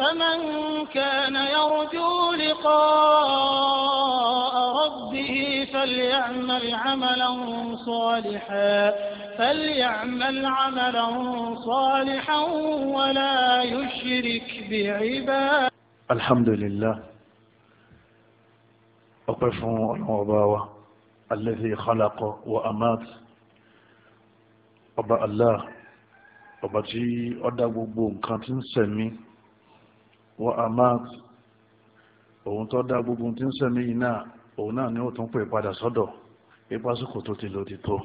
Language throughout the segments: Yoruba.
فمن كان يرجو لقاء ربه فليعمل عملا صالحا فليعمل عملا صالحا ولا يشرك بعباد الحمد لله أقف العباوة الذي خلق وأمات أبا الله أبا جي أدى بوبو nǹkan سمي wa amat òun tó dá gbogbo tí ń sẹ́mi yìí náà òun náà ni ó tún pè padà sọ́dọ̀ pé pásíkò tó ti lò ti tó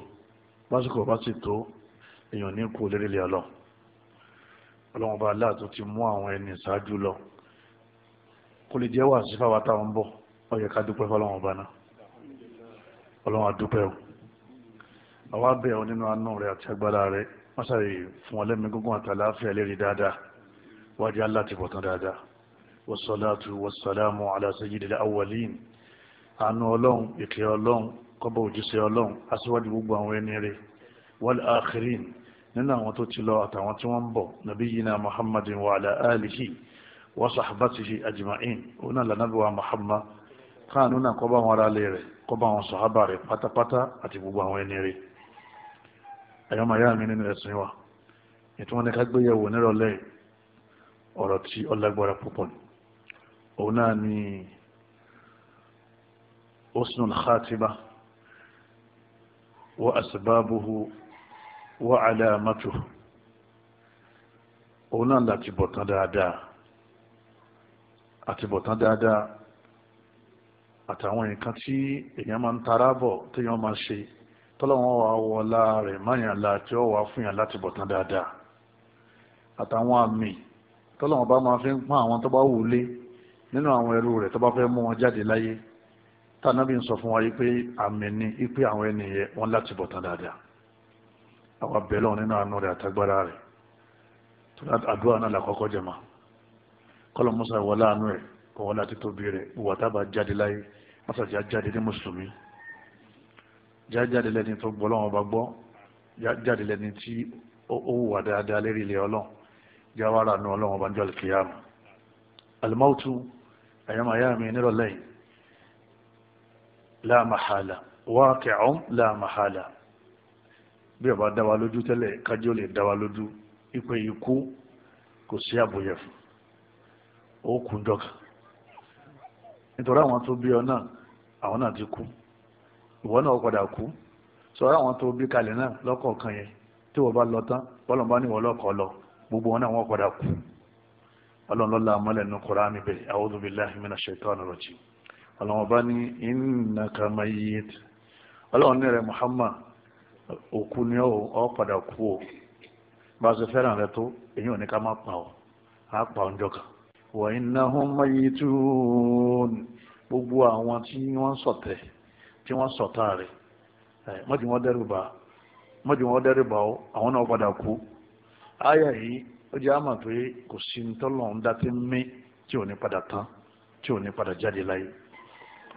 pásíkò bá ti tó èèyàn ní kú lérílẹ̀ ọlọ́ ọlọ́run bá aláàtò ti mú àwọn ẹni ṣáájú lọ kó lè jẹ́ wà sí fáwọn táwọn ń bọ̀ ó yẹ ká dúpẹ́ fọlọ́run ọba náà ọlọ́run àdúpẹ́ o àwa bẹ̀ ọ nínú àánú rẹ àti agbára rẹ wọ́n sáré fún ọlẹ́mí gúngún àtàláfíà lérí dáadáa wájú aláti bọ̀ tán dáadáa wasalaatu wasalaamu ala sayyidil awwalin àánú ọlọ́run ìkẹ́ ọlọ́run kọ́bọ̀ òjíṣẹ́ ọlọ́run aṣíwájú gbogbo àwọn ẹni rẹ̀ wal akhirin nínú àwọn tó ti lọ àtàwọn tí wọ́n ń bọ̀ nabiyina muhammadin wa ala wa sahbatihi ajma'in ona lanabi wa muhammad náà kọ́bọ̀ àwọn ará ọ̀rọ̀ tí ó lágbára púpọ̀ ni òun náà ni husnul khatima wa asbabuhu wa alamatuhu òun náà láti bọ̀ tán dáadáa àti bọ̀ tán dáadáa àtàwọn nǹkan tí èèyàn máa ń tara bọ̀ téèyàn máa ṣe tọ́lọ́wọ́n wa wọlá rẹ̀ máyàn la tí ó wà fún yàn láti bọ̀ dáadáa àtàwọn àmì tọ́lọ́wọ́n bá máa fi ń pọ́n àwọn tó bá wù lé nínú àwọn ẹrú rẹ̀ tó bá fẹ́ mú wọn jáde láyé tànàbí ń sọ fún wa yìí pé àmì ni ipe àwọn ẹni yẹ wọn láti bọ̀ tán dáadáa àwọn abẹ́lẹ̀ nínú àánú rẹ̀ àtagbára rẹ̀ tó àdúrà náà làkọ́kọ́ jẹ̀má kọ́lọ̀ musa wọ láàánú rẹ̀ òun láti tóbi rẹ̀ ìwà tábà jáde láyé mọ́sá jáde ní mùsùlùmí jáde lẹ́ni tó gbọ́ jáwára nu ọlọ́run ọba ń jọ àlùkìyàmù alimọ́tù ẹ̀yọ́mọ̀ ayá mi nírọ̀lẹ́ yìí láàmàhálà wákẹ̀ọ́n láàmàhálà bí ọba dá wa lójú tẹ́lẹ̀ kájí ó lè dá wa lójú ipe ikú kò sí àbòyẹ fún ó kú jọkà nítorí àwọn tó bí ọ náà àwọn náà ti kú ìwọ náà padà kú sọ àwọn tó bí kalẹ̀ náà lọ́kọ̀ọ̀kan yẹn tí wọ́n bá lọ tán bọ́lọ̀ bá níwọ̀ lọ́kọ̀ọ́ lọ gbogbo wọn náà wọ́n padà kú ọlọ́run amọ́lẹ̀ ní kùránì bẹ́ẹ̀ a'udhu billahi minash shaitani rajim ọlọ́run bá ní innaka mayyit ọlọ́run ní rẹ̀ Muhammad òkú ni kú o bá a ṣe fẹ́ràn rẹ tó èyí ò ní ká má pa ọ njọ́ kan gbogbo àwọn wọn dẹ́rù àyà yìí ó jẹ́ àmà pé kò sí ntọ́lọ̀ ń dá tí ń mí tí ò ní padà tán tí ò ní padà jáde láyé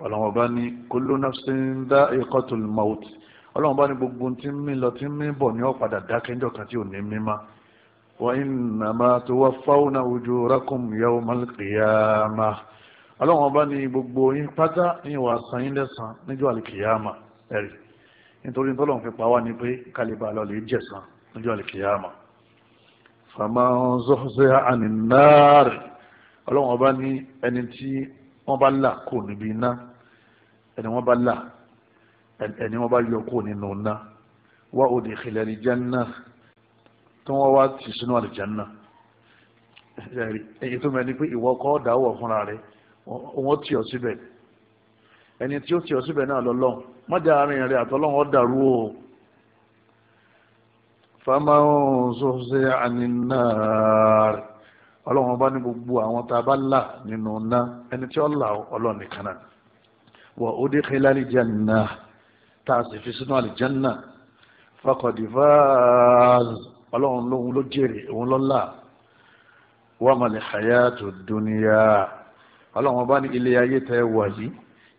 ọlọ́wọ́n bá ní kullu nafsin dha'iqatul maut ọlọ́wọ́n bá ní gbogbo tí ń mí lọ tí ń mí bọ̀ ní ó padà dákẹ́jọ́ kan tí ò ní mí má wa innama tuwaffawna ujurakum yawmal qiyamah ọlọ́wọ́n bá ní gbogbo yín pátá ní ìwà san yín lẹ́san níjọ́ àlìkìyàmà ẹ̀rí nítorí tọ́lọ́run fi pa wá ní pé kálíbà lọ́ọ́ lè jẹ̀san níjọ́ àlìkìyàmà faman zuhziha عن النار، ọlọ́run ọba ní ẹni tí wọ́n bá là kó níbi iná ẹni wọ́n bá là ẹni wọ́n bá yọ kó nínú iná wá òde ìkìlẹ̀ àlìjáná tí wọ́n wá ti sínú àlìjáná èyí tó mẹ́ni pé ìwọ kọ́ dáwọ̀ fúnra rẹ̀ wọ́n tì ọ́ síbẹ̀ ẹni tí ó tì ọ́ síbẹ̀ náà lọ́lọ́run má jẹ́ àárín rẹ̀ àtọ́lọ́run ó dàrú o faman zuhziha anin nar ọlọ́run ọba ní gbogbo àwọn tá a bá là nínú ná ẹni tí ó là ọlọ́run nìkan náà wa udkhila aljanna tá a sì fi sínú aljanna faqad faz ọlọ́run lóhun ló jèrè òun lọ́la wa mal hayatud dunya ọlọ́run ọba ní ilé ayé tẹ́ wà yìí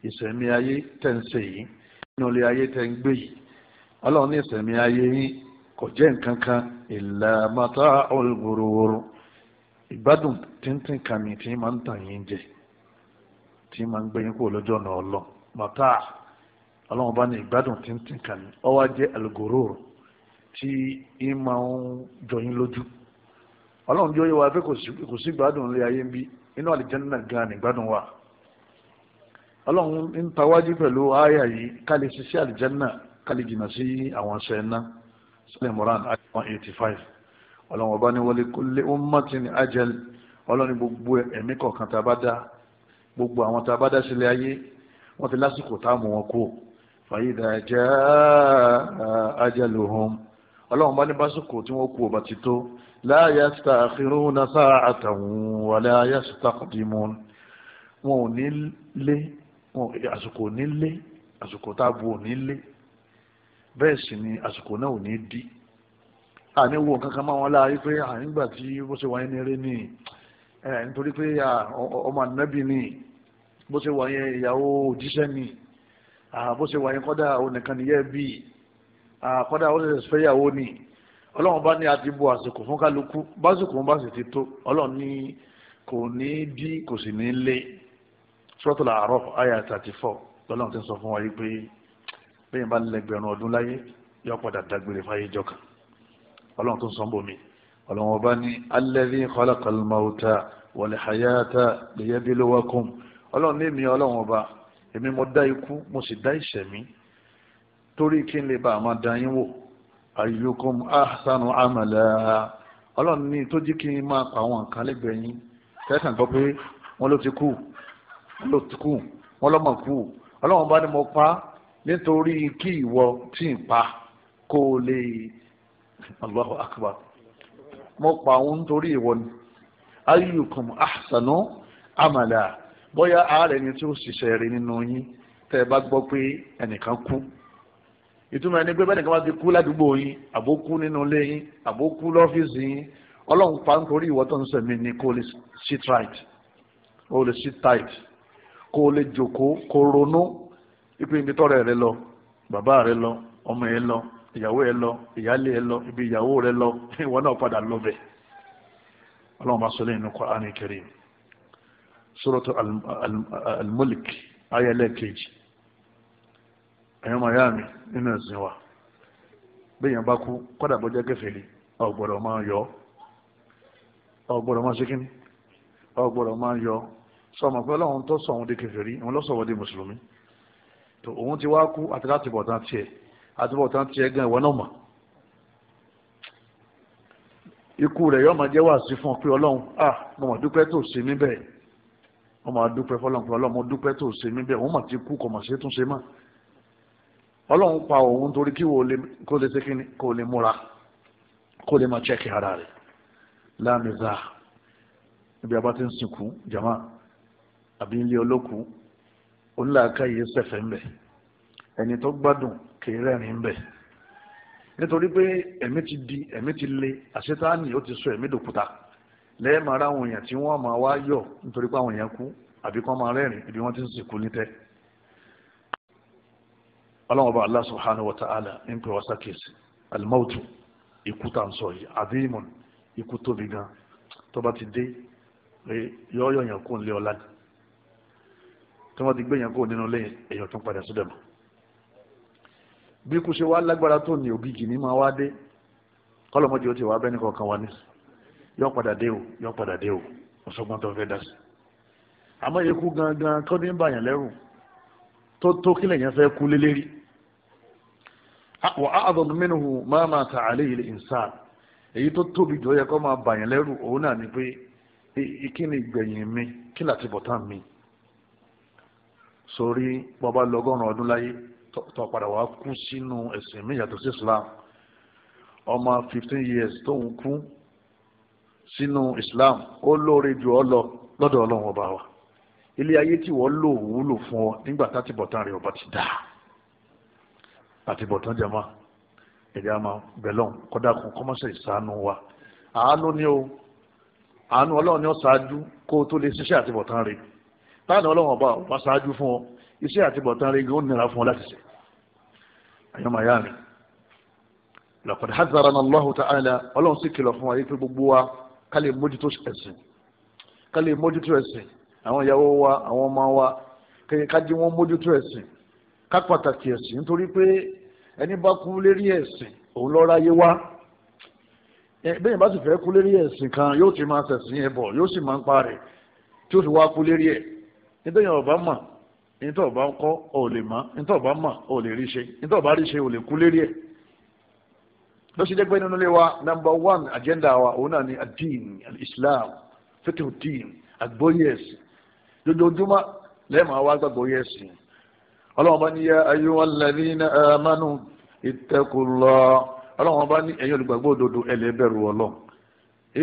ìsẹ̀mí ayé tẹ́ ń ṣe yìí nínú ilé ayé tẹ́ ń gbé yìí ọlọ́run ní ìsẹ̀mí ayé yìí. kojen kanka illa mata'ul gurur ibadun tintin tintinkami ti man tan yinje ti man gbe yin ko lojo na olo mata olohun ba ni ibadun tintin je al gurur ti ima o jo yin loju olohun jo wa fe ko si ko si ibadun aye nbi inu aljanna ga ni ibadun wa olohun n tawaji pelu aya yi kale si si aljanna kale jina si awon se na sọlẹ̀ moran ayé one eighty five ọlọ́run ọba ní wọlé kólé ó mọ̀tì ní ajẹ́lì ọlọ́run gbogbo ẹ̀mí kọ̀ọ̀kan tá a bá dá gbogbo àwọn tá a bá dá sílẹ̀ ayé wọ́n ti lásìkò tá a mú wọn kú fàyídà jẹ́ ajẹ́lì ohun ọlọ́run bá ní básìkò tí wọ́n kú ọba ti tó láàyè síta àfihàn náà àtàwọn wàlẹ́ ayé síta kọ̀dìmọ́ wọn ò ní lé àsìkò ní lé àsìkò tá a bu ò ní lé bẹ́ẹ̀ sì ni àsìkò náà ò ní dí àní wo kankan máa wọn láàyè pé àyìngbà tí bó ṣe wáyé ní eré ní nítorí pé ọmọ ànábì ní bó ṣe wáyé ìyàwó òjíṣẹ́ ní bó ṣe wáyé kọ́dà onìkan nìyẹn bí kọ́dà ó ṣẹ̀ṣẹ̀ fẹ́yàwó ní ọlọ́run bá ní àti bo àsìkò fún kálukú básìkò ń bá sì ti tó ọlọ́run ní kò ní dí kò sì ní lé Suratul A'raf àyà 34 lọ́lọ́run ti sọ fún wa yìí pé bẹ́ẹ̀ bá lẹ́gbẹ̀rún ọdún láyé yọ padà dágbére fáyé jọka ọlọ́run tó ń sọ́nbọ̀ mi ọlọ́run ọba ní alladhi khalaqal mauta wal hayata liyabluwakum ọlọ́run ní èmi ọlọ́run ọba èmi mo dá ikú mo sì dá ìṣẹ̀mí torí kí n lè bá a máa dán yín wò ayyukum ahsanu amala ọlọ́run ní tó jí kí n máa pa àwọn nǹkan lẹ́gbẹ̀ẹ́ yín kẹ́kàn gbọ́ pé wọ́n ló ti kú wọ́n ló ti kú wọ́n lọ́mọ kú ọlọ́run ọba ni mo pa á nítorí kí ìwọ tí ń pa kó o lè Allahu akbar mo pa òun nítorí ìwọ ni ayyukum ahsanu amala bóyá ààrẹ ni tí ó ṣiṣẹ́ rẹ nínú yín tẹ́ ẹ bá gbọ́ pé ẹnìkan kú ìtumọ̀ ẹni pé bẹ́ẹ̀ nìkan bá ti kú ládùúgbò yín àbó kú nínú ilé yín àbó kú lọ́fíìsì yín ọlọ́run pa nítorí ìwọ tó ń sẹ̀mí ni kó o lè sit right kó o lè sit tight kó o lè jòkó kó o ronú ibi ibi tọ́rẹ̀ rẹ lọ bàbá rẹ lọ ọmọ yẹn lọ ìyàwó yẹn lọ ìyáálé yẹn lọ ibi ìyàwó rẹ lọ ìwọ náà padà lọ bẹ̀ ọlọ́run bá sọ lẹ́yìn ní Qur'an Karim Suratu Al-Mulk ayẹlẹ́ kejì ẹ̀yọ́ miami nínú ẹ̀sìn wa bẹ́yàn bá kú kọ́dà bọ́jẹ́ kẹfẹ́lì ọ̀gbọ̀dọ̀ máa yọ ọ̀gbọ̀dọ̀ máa ṣe kíní ọ̀gbọ̀dọ̀ máa yọ sọmọ pé ọlọ́run tó sọ òun di kẹfẹ́lì òun lọ́sọ̀wọ́ di mùsùlùmí tó òun ti wá kú àti láti bọ̀ tán tiẹ̀ àti bọ̀ tán tiẹ̀ gan ìwọ náà mọ̀ ikú rẹ̀ yóò máa jẹ́ wàásù fún ọ pé ọlọ́run à mo mà dúpẹ́ tó ṣe mí bẹ́ẹ̀ mo mà dúpẹ́ fọlọ́run pé ọlọ́run mo dúpẹ́ tó ṣe mí bẹ́ẹ̀ òun mà ti kú kò mà ṣe tún ṣe mọ́ ọlọ́run pa òun torí kí kò lè ṣe kíni kò lè múra kò lè máa chẹ́kì ara rẹ̀ láàmì ibi abá ti ń sìnkú jama àbí ilé olókùú onílàáká yìí sẹ̀fẹ̀ ńbẹ̀ ẹni tó gbádùn kì í rẹ́rìn ńbẹ̀ nítorí pé ẹ̀mí ti di ẹ̀mí ti le àṣetáàní ó ti sọ ẹ̀mí dòkúta lẹ́ẹ̀mà ara àwọn èèyàn tí wọ́n máa wá yọ̀ nítorí pé àwọn èèyàn kú àbí kọ́ máa rẹ́rìn ibi wọ́n ti ń sìnkú nítẹ́ ọlọ́run ọba Allah subhanahu wa ta'ala ń pè wá sákèsì alimautu ikú tá ń sọ yìí azimun ikú tóbi gan tó bá ti dé yọ́ọ̀yọ̀ yẹn kó ń lé ọlá ni tí wọ́n ti gbé yẹn kó nínú ilé èèyàn tó padà sódà mọ́ bí kú ṣe wá lágbára tó ní ògìgì ní máa wá dé kọlọmọdé ó ti wá bẹ́ẹ̀ nìkan kan wá ní yọ padà dé o yọ padà dé o ọ̀ṣọ́gbọ́n tó fẹ́ dá sí àmọ́ ikú gangan tó ní ń bàyàn lẹ́rù tó tó kílẹ̀ yẹn fẹ́ kú lélẹ́rí wà á àdọ̀dún mẹ́nuhu máa máa ta àlẹ́ ilé ìnsá èyí tó tóbi jọ yẹ kó máa bàyàn lẹ́rù òun náà ni pé kí ìgbẹ̀yìn mi kí sórí bọ́ba lọ́gọ́rùn ọdún láyé tó padà wá kú sínú ẹ̀sìn mi yàtọ̀ sí islam ọmọ fifteen years tó ń kú sínú islam ó lóore jù ọ lọ lọ́dọ̀ ọlọ́run ọba wa ilé ayé tí wọ́n lò wúlò fún ọ nígbà táti bọ̀tán rẹ̀ ọba ti dà àti bọ̀tán jama ẹ̀dá máa bẹ̀lọ́n kọ́dà kún kọ́mọ́sẹ̀ ìsànú wa àánú ni ó àánú ọlọ́run ni ó ṣáájú kó o tó lè ṣiṣẹ́ àti bọ̀tán rẹ̀ táànà ọlọ́wọ́n ọba wá ṣáájú fún ọ iṣẹ́ àti bọ̀tán rẹ̀ ó nira fún ọ láti ṣe àyàn màá yá mi laqad hazarana Allahu ta'ala ọlọ́run sì kìlọ̀ fún wa yìí pé gbogbo wa ká lè mójútó ẹ̀sìn ká lè mójútó ẹ̀sìn àwọn ìyàwó wa àwọn ọmọ wa ká jí wọn mójútó ẹ̀sìn ká pàtàkì ẹ̀sìn nítorí pé ẹni bá kú ẹ̀sìn òun lọ́ọ́ ráyé wá bẹ́ẹ̀ bá sì nítorí ọba mọ̀ nítorí ọba ń kọ́ ò lè mọ̀ nítorí ọba mọ̀ ò lè rí ṣe nítorí ọba rí ṣe ò lè kú lérí ẹ̀ ló ṣe jẹ́ pé nínú ilé wa number one agenda wa òun náà ni adin islam fẹ́tẹ̀ dín àgbóyè ẹ̀sìn lójoojúmọ́ lẹ́ẹ̀mọ́ wa gbàgbóyè ẹ̀sìn ọlọ́wọ́n bá ní yá ayyuhal ladhina amanu ittaqullah ọlọ́wọ́n bá ní ẹ̀yin olùgbàgbọ́ òdodo ẹ̀lẹ́ bẹ̀rù ọlọ́run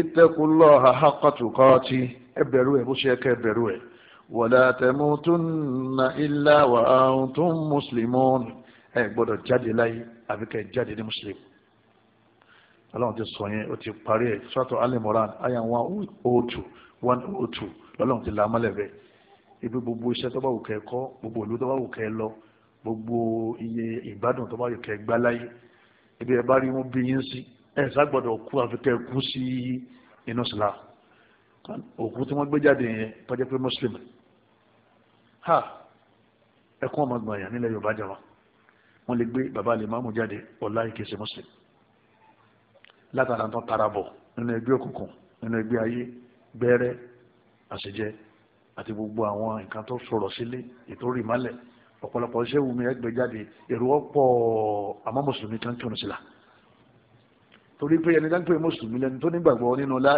ittaqullah haqqa tuqati ẹ bẹ̀rù ẹ̀ bó ṣe ẹ̀kẹ́ bẹ̀rù ẹ̀ wala tamutunna illa wa antum muslimun ẹ gbọ́dọ̀ jáde láyé àfi kẹ́ jáde ní mùsùlùmí ọlọ́run ti sọ yẹn ó ti parí ẹ̀ sọ́tọ̀ alimoran aya one oh two one oh two lọ́lọ́run ti la amálẹ̀bẹ̀ ibi gbogbo iṣẹ́ tó bá wù kẹ́ kọ́ gbogbo ìlú tó bá wù kẹ́ lọ gbogbo iye ìgbádùn tó bá wù kẹ́ gbá láyé ibi ẹ̀ bá rí wọn bí yín sí ẹ̀ ságbọ́dọ̀ kú àfi kẹ́ kú sí inú sìlá òkú tí wọ́n gbé jáde yẹn tọ́jú pé mùsùlùmí ha ẹkún ọmọ gbọ̀n yàn nílẹ̀ yorùbá jẹun wọ́n lè gbé bàbá lè máàmù jáde ọ̀la ìkẹsẹ̀ muslim látara tán tarabọ̀ nínú ẹgbẹ́ òkùnkùn nínú ẹgbẹ́ ayé gbẹ́rẹ́ àṣejẹ àti gbogbo àwọn nǹkan tó sọ̀rọ̀ sílé ètò rí malẹ̀ ọ̀pọ̀lọpọ̀ iṣẹ́ wumi ẹgbẹ́ jáde èrò ọ̀pọ̀ àmọ́ mùsùlùmí kan kírun sílá torí pé ẹni dáńpé mùsùlùmí lẹni tó nígbàgbọ́ nínú la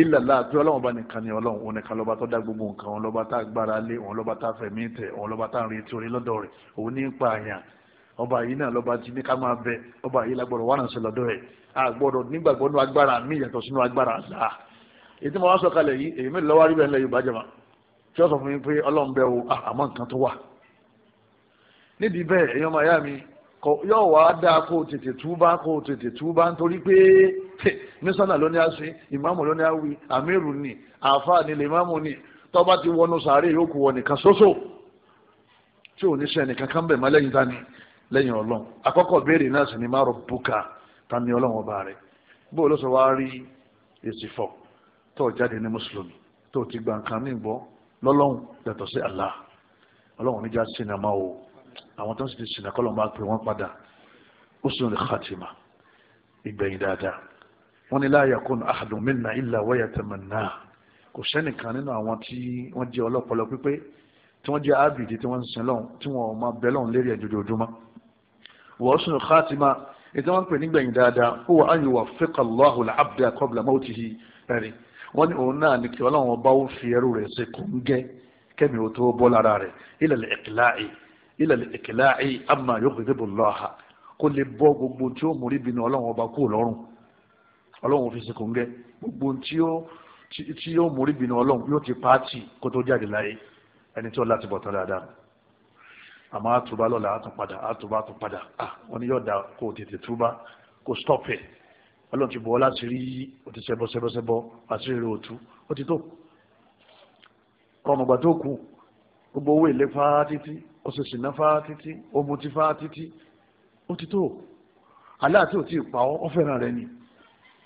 ìlàlá àti ọlọ́run bá nìkan ni ọlọ́run òun nìkan lọ́ba tó dá gbogbo nǹkan òun lọ́ba tá gbára lé òun lọ́ba tá fẹ̀mí tẹ̀ òun lọ́ba tá retí orí lọ́dọ̀ rẹ̀ òun ní pa àyàn ọba yìí náà lọ́ba ti ní ká máa bẹ ọba yìí lágbọ́dọ̀ wà náà sí lọ́dọ̀ rẹ̀ àgbọ́dọ̀ nígbàgbọ́ nínú agbára mi yàtọ̀ sínú agbára àlá ètò ìmọ̀ wá sọ kalẹ̀ yìí èyí mélòó wá rí bẹ́ẹ̀ lẹ́yìn ìbàjẹ́ máa mísánà ló ní á sí ìmáàmù ló ní á wí àmírù ni àáfàá ni lè máàmù ni tọ́ba ti wọnú sàárè yóò kú wọ nìkan ṣoṣo tí ò ní sẹ́ nìkan kan bẹ̀ mọ́ lẹ́yìn tani lẹ́yìn ọlọ́run àkọ́kọ́ béèrè náà sì ni má rọ bùkà tani ọlọ́run ọba rẹ̀ bó o ló sọ wáá rí èsì fọ tó o jáde ní mùsùlùmí tó o ti gba nǹkan mí gbọ́ lọ́lọ́run yàtọ̀ sí Allah ọlọ́run níjà sinamá o àwọn tó ń sì ti sinakọ́lọ́ máa pè wọ́n padà ó sì ń lè xàtìmá ìgbẹ̀yìn dáadáa wọ́n ní la yakun ahadun minna illa wa yatamanna kò sẹ́nìkan nínú àwọn tí wọ́n jẹ́ ọlọ́pọlọ pípé tí wọ́n jẹ́ ábìdì tí wọ́n ń sin lọ́hùn tí wọ́n máa bẹ lọ́hùn lérí ẹ̀jọ̀jọ̀ ojúmọ́ wọ́n sùn khatima ètò wọn pè nígbẹ̀yìn dáadáa huwa an yuwaffiqa Allahu al-abda qabla mawtihi ẹ̀rí wọ́n ní òun náà ní kí ọlọ́run ọba ó fi ẹrú rẹ̀ ṣe kò ń gẹ́ kẹ́mi ò tó bọ́ lára rẹ̀ ila al-iqla'i ila ọlọ́run fi sìnkò ń gẹ́ gbogbo tí yóò mórí bínú ọlọ́run yóò ti pààtì kó tó jáde láyé ẹni tí ó láti bọ̀ tán dáadáa àmọ́ àtúbá lọ́la àtúnpadà àtúbá àtúnpadà à ah, wọ́n ní yóò dá kó tètè túbá kó stop ẹ̀ ọlọ́run ti bọ̀ ọ́ láti rí òtí sẹ́bọ́ sẹ́bọ́ sẹ́bọ́ àti rírì òtú ó ti tó kọ́mọ̀gbà tó kù gbogbo owó ilé fá títí oṣooṣì náà fá títí omu ti fá títí ó ti tó aláàtí ò tí ì pa ọ́ ọ́ fẹ́ràn rẹ ni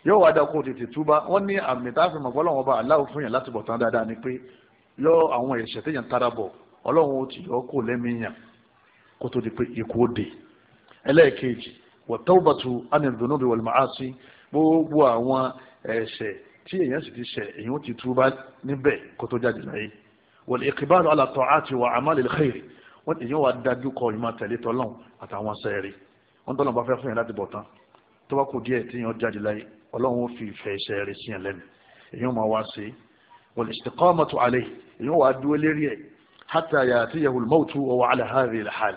yóò wá dákun tètè túbá wọ́n ní àmì tá a fi mọ̀ pé ọlọ́run ọba aláwọ̀ fún yàn láti bọ̀ tán dáadáa ni pé yọ àwọn ẹ̀ṣẹ̀ téèyàn tára bọ̀ ọlọ́run ó ti yọ kó lẹ́mìíyàn kó tó di pé ikú ó dé ẹlẹ́ẹ̀kejì wọ̀tọ́wọ́bàtú anìdùnnúbi wọ̀lùmọ́ásí gbogbo àwọn ẹ̀ṣẹ̀ tí èèyàn sì ti ṣẹ̀ èèyàn ó ti túbá níbẹ̀ kó tó jáde láyé wọ̀lù ìkìbáàlù alàtọ̀ àti wà tó bá kù díẹ̀ tí èèyàn jáde láyé ọlọ́run fi ìfẹ́ iṣẹ́ rẹ̀ sí ẹ̀ lẹ́nu èyàn máa wá sí wal istiqamatu alayhi èyàn wà á dúró lérí ẹ̀ hatta ya'tiyahu al-mawtu wa huwa ala hadhihi al-hal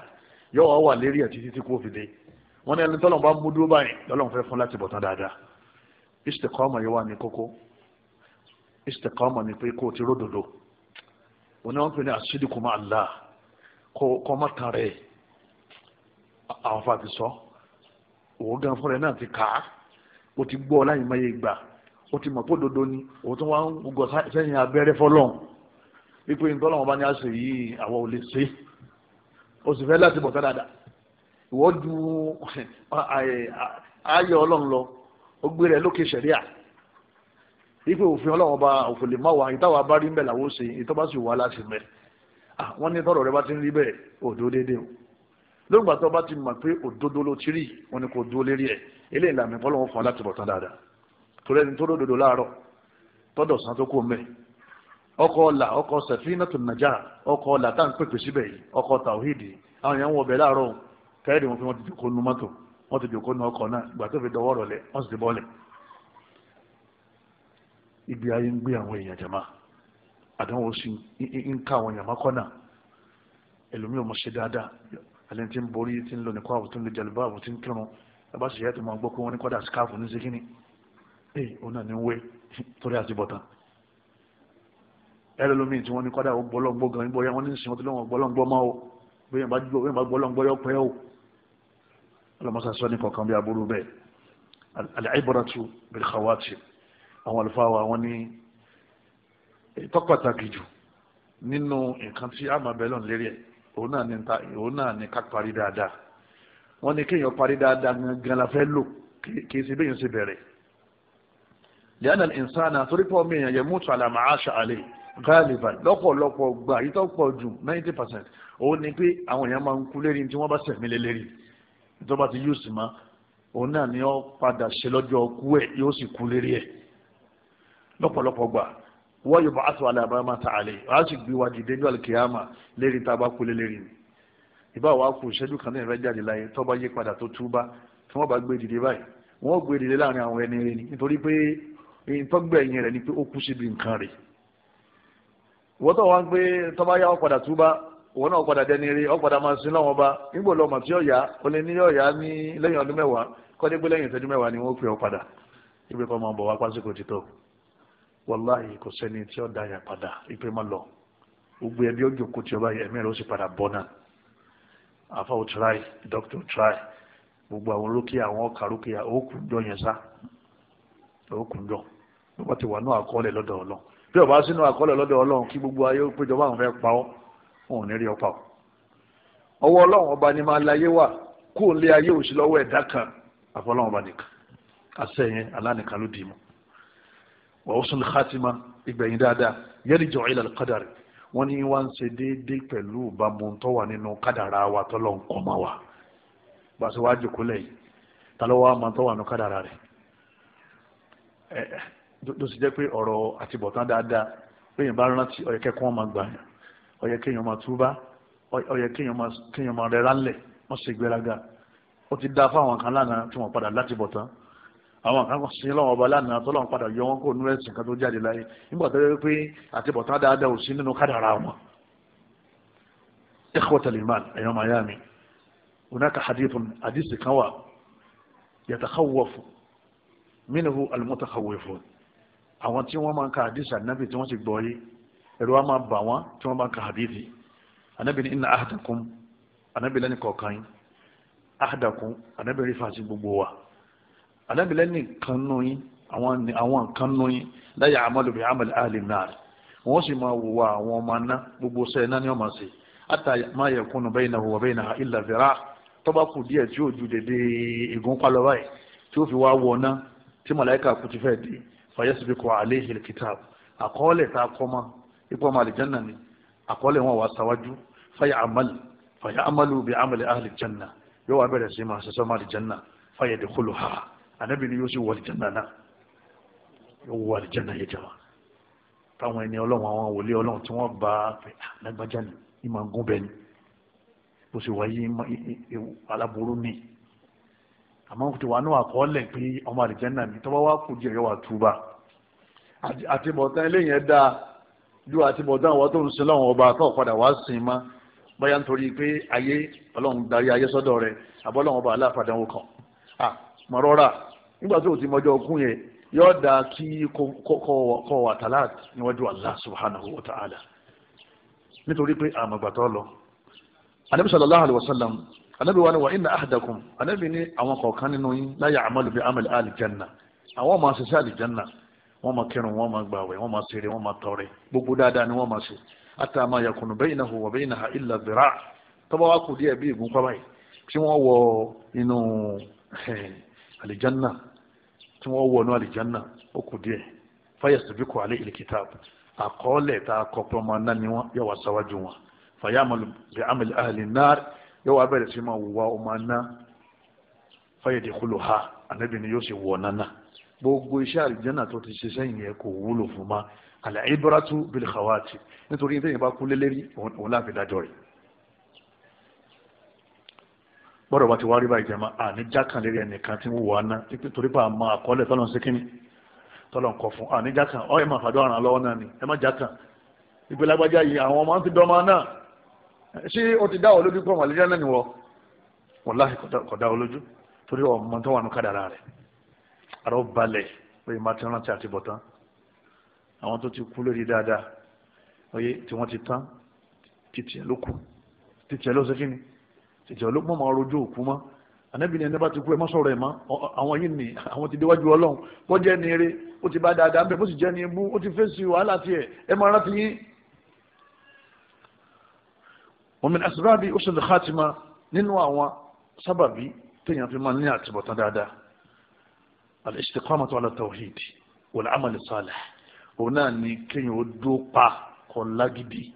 yọ wà wà lérí ẹ̀ títí tí kò fi dé wọn ní ẹni tọ́lọ̀ bá mú dúró báyìí lọ́lọ́ fẹ́ fún láti bọ̀tán dáadáa istiqama yóò wà ní kókó istiqama ni pé kó o ti ródòdó wọn ní wọn pè ní o ti gbọ́ láyìn máa yẹ gbà o ti mọ̀ pé òdodo ni òun tó wọ́n ń gọ sẹ́yìn abẹ́rẹ́ fọlọ́n wípé nǹkan ọlọ́run bá ní àṣẹ yìí àwọn ò lè ṣe o sì fẹ́ láti bọ̀ sádàdà ìwọ́ ju ayé ọlọ́run lọ ó gbé rẹ̀ lókè sẹ̀ríà wípé òfin ọlọ́run bá òfin lè má wà ìtawà bá rí mbẹ̀ làwọn ò ṣe ìtọ́ bá sì wà láti mẹ́ wọ́n ní tọ́rọ̀ rẹ bá ti ń rí bẹ́ẹ̀ òdòdó lóògbà tó bá ti mọ̀ pé òdodo ló ti rí wọn ni kò dúró lérí ẹ̀ eléyìí làmì fọlọ́wọ́n fún aláti bọ̀ tán dáadáa torí ẹni tó lódodo láàárọ̀ tọ́dọ̀ sàn tó kó mẹ́ ọkọ̀ ọ̀là ọkọ̀ safinatu najah ọkọ̀ ọ̀là tá à ń pèpè síbẹ̀ yìí ọkọ̀ tàwíìdì àwọn èèyàn ń láàárọ̀ fi wọn ti mọ́tò ti ọkọ̀ náà ibi ayé ń gbé àwọn èèyàn àdánwò sí ń ká àwọn èèyàn ẹni tí ń borí tí ń lò ní kọ́ọ̀bù tí ń lo jàlùbáàbù tí ń kírun ẹ bá ṣèyá tó máa gbọ́ pé wọ́n ní kọ́dà skáàfù ní sikini ẹ òun náà ní wé torí àti bọ̀tán ẹ̀rọ lómi tí wọ́n ní kọ́dà ó gbọ́lọ́ngbọ́ gan níbo yẹn wọ́n ní sìn wọ́n ti lọ́wọ́ gbọ́lọ́ngbọ́ máa o bóyá bá gbọ́lọ́ngbọ́ yọ pẹ́ o ọlọ́mọṣà sọ ní kọ̀ọ̀kan bí aburú bẹ́ẹ̀ al-ibratu bil khawatim wa wọ́n ní tọ́pàtàkì jù nínú nǹkan tí a máa òun náà ni ta òun náà ni ká parí dáadáa wọ́n ní kéèyàn parí dáadáa gangan la fẹ́ lò kì í ṣe bẹ́yìn ṣe bẹ̀rẹ̀ lẹ́yìn ìsáná torí pọ̀ mí èèyàn yẹ mútu àlàmà àṣà àlè gáàlìbàn lọ́pọ̀lọpọ̀ gbà yìí tó pọ̀ jù ninety percent òun ni pé àwọn èèyàn máa ń kú lérí tí wọ́n bá sẹ̀mí lé lérí tó bá ti yóò sì má òun náà ni ó padà ṣe lọ́jọ́ kú ẹ̀ yóò sì kú lérí ẹ̀ lọ́pọ̀lọpọ̀ gbà wọ́n yóò bá aṣọ àlẹ́ ta àlẹ́ wàá sì gbé wa dìde ní lérí tá a bá kulé lérí ni ìbá wa kù ìṣẹ́jú kan náà ìrẹ́jà dì láyé tọ́ba yí padà tó túbá tí wọ́n bá gbé dìde báyìí wọ́n gbé dìde láàrin àwọn ẹni rẹ ni nítorí pé ìtọ́gbẹ̀yìn rẹ ni pé ó kú síbi nǹkan rẹ̀ wọn pé yá padà túbá náà padà dẹni rí padà máa sin wàláhì kò sẹ́ni tí ó da padà ìpè lọ gbogbo ẹbí ọjọ́ kò tí ó bá yẹ ẹ̀mí rẹ̀ ó sì padà bọ́ náà àfa ò tíráì dókítà ò gbogbo àwọn olókìá àwọn ọkà rókìá òkùn jọ yẹn sá òkùn jọ gbogbo ayé fẹ́ pa ọ́ òun ní rí ọ pa ọ́ ọwọ́ ọlọ́run ọba ni máa láyé wà kó o lé ayé òsì lọ́wọ́ ẹ̀dá kan àfọlọ́run ọba wà ó sún khatima ìgbẹ̀yìn dáadáa yẹ́nì jọ ilẹ̀ kádàrí wọ́n ní wá ń ṣe déédéé pẹ̀lú ìbámu tó wà nínú kádàrá wa tọ́lọ̀ ń kọ́ ma wa bá a ṣe wá jòkó lẹ́yìn ta ló wá ma tó wà nínú kádàrá rẹ̀ ẹ̀ ẹ̀ tó sì jẹ́ pé ọ̀rọ̀ àtibọ̀tán dáadáa lẹ́yìn bá rántí ọ̀yẹ́ kẹ́kọ́ wọn máa gbà yàn ọ̀yẹ́ kéèyàn máa túbá ọ̀yẹ́ kéèyàn máa rẹ̀ wọ́n ṣe ó ti dá fáwọn kan lánàá tí wọ́n padà láti bọ̀tán àwọn kan sí lọ́wọ́ ọba lánàá tó lọ́wọ́ padà yọ wọn kó nú ẹ̀sìn kan tó jáde láyé nígbà tó yẹ pé àtibọ̀tán dáadáa ò sí nínú kádàrá wọn. ikhwatal iman ẹ̀yọ́ miami hunaka hadithun hadith kan wà yatakhawwafu minhu almutakhawwifun àwọn tí wọ́n máa ń ka hadith ànábì tí wọ́n ti gbọ́ yé ẹ̀rọ wa máa bà wọ́n tí wọ́n máa ń ka hadith ànábì ní inna ahadakum ànábì lẹ́ni kọ̀ọ̀kan yín ahadakum rí fàásì anábìlẹ̀ nìkan nù yín àwọn nǹkan nù yín láyà amalu bi amali ahli nar wọ́n sì máa wùwà àwọn ọmọ aná gbogbo sẹ́yìn náà ni wọ́n máa ṣe ata máa yẹ kunu bainahu wa bainaha illa zira tọ́ba kù díẹ̀ tí yóò ju dèdè ìgúnpá lọ báyìí tí ó fi wá wọ̀ ná tí màláìka kù ti fẹ́ di fayasbiqu alayhi alkitab àkọọ́lẹ̀ tá a kọ́ ma ipò ọmọ àlìjánná ni àkọọ́lẹ̀ wọn wà sáwájú fàyà àmàlù fàyà àmàlù bi amali yóò wá bẹ̀rẹ̀ sí máa ṣiṣẹ́ ọmọ àlìjánná fàyà dẹ̀kọ́lù ha ànábì ni yóò sì wọ àlìjáná náà yóò wọ àlìjáná yẹn jàmá táwọn ẹni ọlọ́run àwọn wòlé ọlọ́run tí wọ́n bá fẹ́ ah, lágbájá ni ìmọ̀ gún bẹ́ẹ̀ ni bó ṣe wáyé aláboró ni àmọ́ tí wàá náà àkọọ́lẹ̀ pé ọmọ àlìjáná ni tọ́wọ́ wá kù díẹ̀ yọ wà túbà àtibọ̀tán eléyìí ẹ̀ dáa ju àtibọ̀tán àwọn tó ń sin lọ́wọ́ ọba tó padà wá sin mọ́ bóyá nítorí pé ayé ọlọ́run darí ayé sọ́dọ̀ rẹ̀ àbọ́lọ́run ọba aláfàdánwò kan mọ̀rọ́ra nígbà tó o ti mọjọ ogun yẹn yóò dáa kí kọ wà talat níwájú allah subhanahu wa ta'ala nítorí pé àmàgbàtọ́ lọ anabi sallallahu alayhi wa sallam anabi wani wa inna ahadakum anabi ni àwọn kọ̀ọ̀kan nínú yín la ya'malu bi amali alijanna àwọn máa ṣiṣẹ́ alijanna wọ́n máa kírun wọ́n máa gbàwẹ̀ wọ́n máa ṣeré wọ́n máa tọrẹ gbogbo dáadáa ni wọ́n máa ṣe hatta ma yakunu baynahu wa baynaha illa dhira' tọ́ba wa kù díẹ̀ bí ìgúnpá báyìí tí wọ́n wọ inú eh, alijanna tí wọ́n wọnú àlìjánná ó kù díẹ̀ fayasbiqu alayhi al-kitab àkọọ́lẹ̀ tá a kọ́ pọ́nmọ́ náà ni wọ́n yóò wá sáwájú wọn fayamalu bi amali ahli an-nar yóò wá bẹ̀rẹ̀ sí máa wùwá ọmọ náà fayadkhuluha ànábì ni yóò sì wọ̀ nánà gbogbo iṣẹ́ àlìjánná tó ti ṣiṣẹ́ yẹn kò wúlò fún ma al-ibratu bil nítorí ní bọ́dọ̀ bá ti wá rí báyìí jẹ́ máa àní jákàn lérí ẹnìkan tí wọ́n wà ná torí bá a mọ àkọọ́lẹ̀ tọ́lọ̀ sí kínní tọ́lọ̀ ń kọ fún àní ọ́ ẹ̀ máa fàdó àràn lọ́wọ́ náà ni ẹ má jákàn ìpè lágbájá yìí àwọn ọmọ ti dọ́mọ náà ṣé o ti dá ọ lójú pọ̀ màlẹ́jà náà nìwọ wàláhì kò dá ọ lójú torí ọmọ tó wà ní kádàrà rẹ̀ àrò tètè ló mọ̀ máa rojú òkú mọ́ ànábì ni ẹni bá ti kú ẹ má sọ̀rọ̀ ẹ̀ mọ́ àwọn yìí ni àwọn ti déwájú ọlọ́run bó jẹ́ ni eré ó ti bá dáadáa bẹ́ẹ̀ bó sì jẹ́ ni ibú ó ti fèsì wàhálà tiẹ̀ ẹ máa rántí yín. wọ́n mi asrabi usul khatima nínú àwọn sábàbí téèyàn fi máa ní àtìbọ̀tán dáadáa al-istiqamatu ala tawhid wal amal salih òun náà ni kéèyàn ó dó pa kọ́ lágídí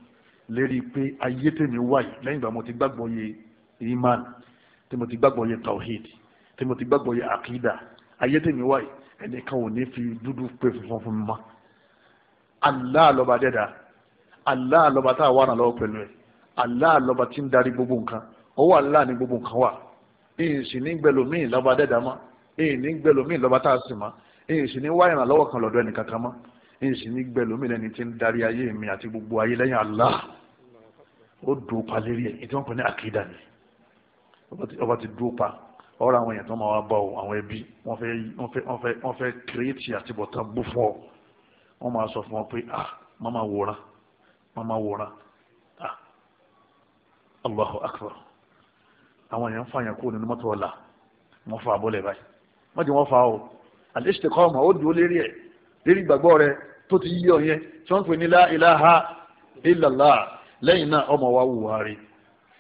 lérí pé ayé tèmi wáyé lẹ́yìn ìgbà mo ti gbàgbọ́ yé iman tí mo ti gbàgbọ́ yẹ tawhid tí mo ti gbàgbọ́ yẹ akida ayé tèmi wáyé ẹnìkan ò ní fi dúdú pé funfun fún mi mọ́ Allah lọ́ba dẹ́dà Allah lọ́ba tá a wà náà pẹ̀lú ẹ̀ Allah lọ́ba tí ń darí gbogbo nǹkan ọwọ́ Allah ni gbogbo nǹkan wà èyí sì ní gbẹlòmíì lọ́ba dẹ́dà mọ́ èyí ní gbẹlòmíì lọ́ba tá a sì mọ́ èyí sì ní wá ìrànlọ́wọ́ kan lọ́dọ̀ ẹnìkankan mọ́ èyí sì ní gbẹlòmíì lẹ́ni tí ń darí ayé mi àti gbogbo ayé lẹ́yìn Allah ó dùn palẹ́rì ẹ̀ ètò wọn kò ní àkídà nìyẹn ọba ti dúró pa ọ̀rọ̀ àwọn èèyàn tó máa wá bá ọ àwọn ẹbí wọ́n fẹ́ wọ́n fẹ́ wọ́n fẹ́ wọ́n fẹ́ kírètì àtibọ̀tán bú fún ọ wọ́n máa sọ fún ọ pé ah mama wòran mama wòran ah allahu akbar àwọn èèyàn ń fa àyànkú nínú mọ́tò ọ̀la wọ́n fa àbọ̀lẹ̀ báyìí wọ́n jẹ́ wọ́n fa o àlẹ́sìtẹ̀ kọ́ ọmọ ó dúró lérí ẹ̀ lérí ìgbàgbọ́ rẹ tó ti yí ọ yẹn tí wọ́n ń pè ní la ilaha illallah lẹ́yìn náà ọmọ wa wù wá rí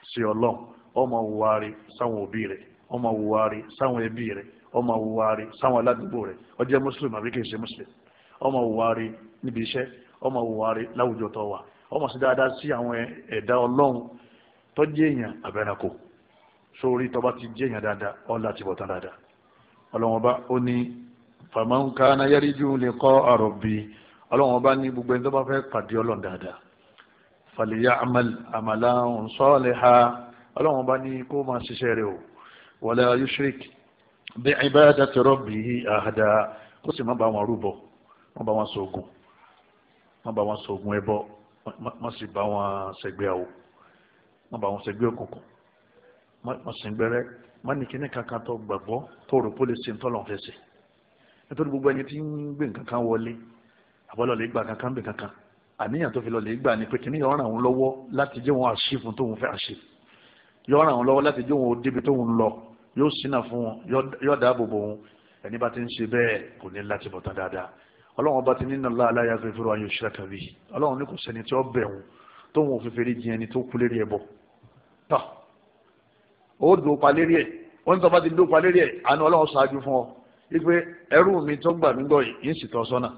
sí ọlọ́run ọmọ wuwari sáwọn òbí rẹ̀ ọmọ wuwari sáwọn ẹbí rẹ̀ ọmọ wuwari sáwọn aládùúgbò rẹ ó jẹ́ mùsùlùmí àbí kì í ṣe mùsùlùmí ọmọ wuwari níbi ọ ọmọ wuwari láwùjọ tó wà ọmọ sí dáadáa sí àwọn ẹ̀dá ọlọ́run tó èèyàn àbẹ̀rẹ̀kọ sórí tó ti jẹ́ èèyàn dáadáa ọ̀la ti dáadáa ọlọ́wọ́n bá ó ní ọlọ́wọ́n bá ní gbogbo ẹni tó bá fẹ́ pàdé ọlọ́run dáadáa ọlọ́run bá ní kó máa ṣiṣẹ́ rẹ̀ o wala yushrik bi ibadati rabbihi ahada kó sì má bá wọn rúbọ má bá wọn sọ̀gùn má bá wọn sọ̀gùn ẹbọ má sì bá wọn ṣẹgbẹ́ àwò má bá wọn ṣẹgbẹ́ òkùnkùn má sì ń gbẹrẹ má ní kíní kankan tó gbàgbọ́ tó rò pólísì ń tọ́lọ̀ fẹsẹ̀ nítorí gbogbo ẹni tí ń gbé nǹkan kan wọlé àbọ̀lọ́lẹ̀ gbà kankan gbé kankan àníyàn tó fi lọ lè gbà ní pé kíní ọ̀ràn òun lọ́wọ́ láti jẹ́ wọn àṣìfún tóun fẹ́ àṣìfún yóò ràn wọn lọ́wọ́ láti jó wọn débi tó ń lọ yóò ṣínà fún wọn yóò dáàbò bò wọn ẹni bá ti ń ṣe bẹ́ẹ̀ kò ní láti bọ̀ tán dáadáa ọlọ́run ọba ti nínú aláàlá ya fẹ́ fúru ayọ̀ ṣíra kàbí ọlọ́run ní kò sẹ́ni tí ó bẹ̀ wọn tó wọn òfin fèrè jìn ẹni tó kú lérí ẹ bọ̀ tọ́ ó dùn pa lérí ẹ wọ́n tó bá ti dùn pa lérí ẹ àná ọlọ́run ṣáájú fún ọ wípé ẹrú mi tó gbà mí gbọ́ yìí ń sì tọ́ sọ́nà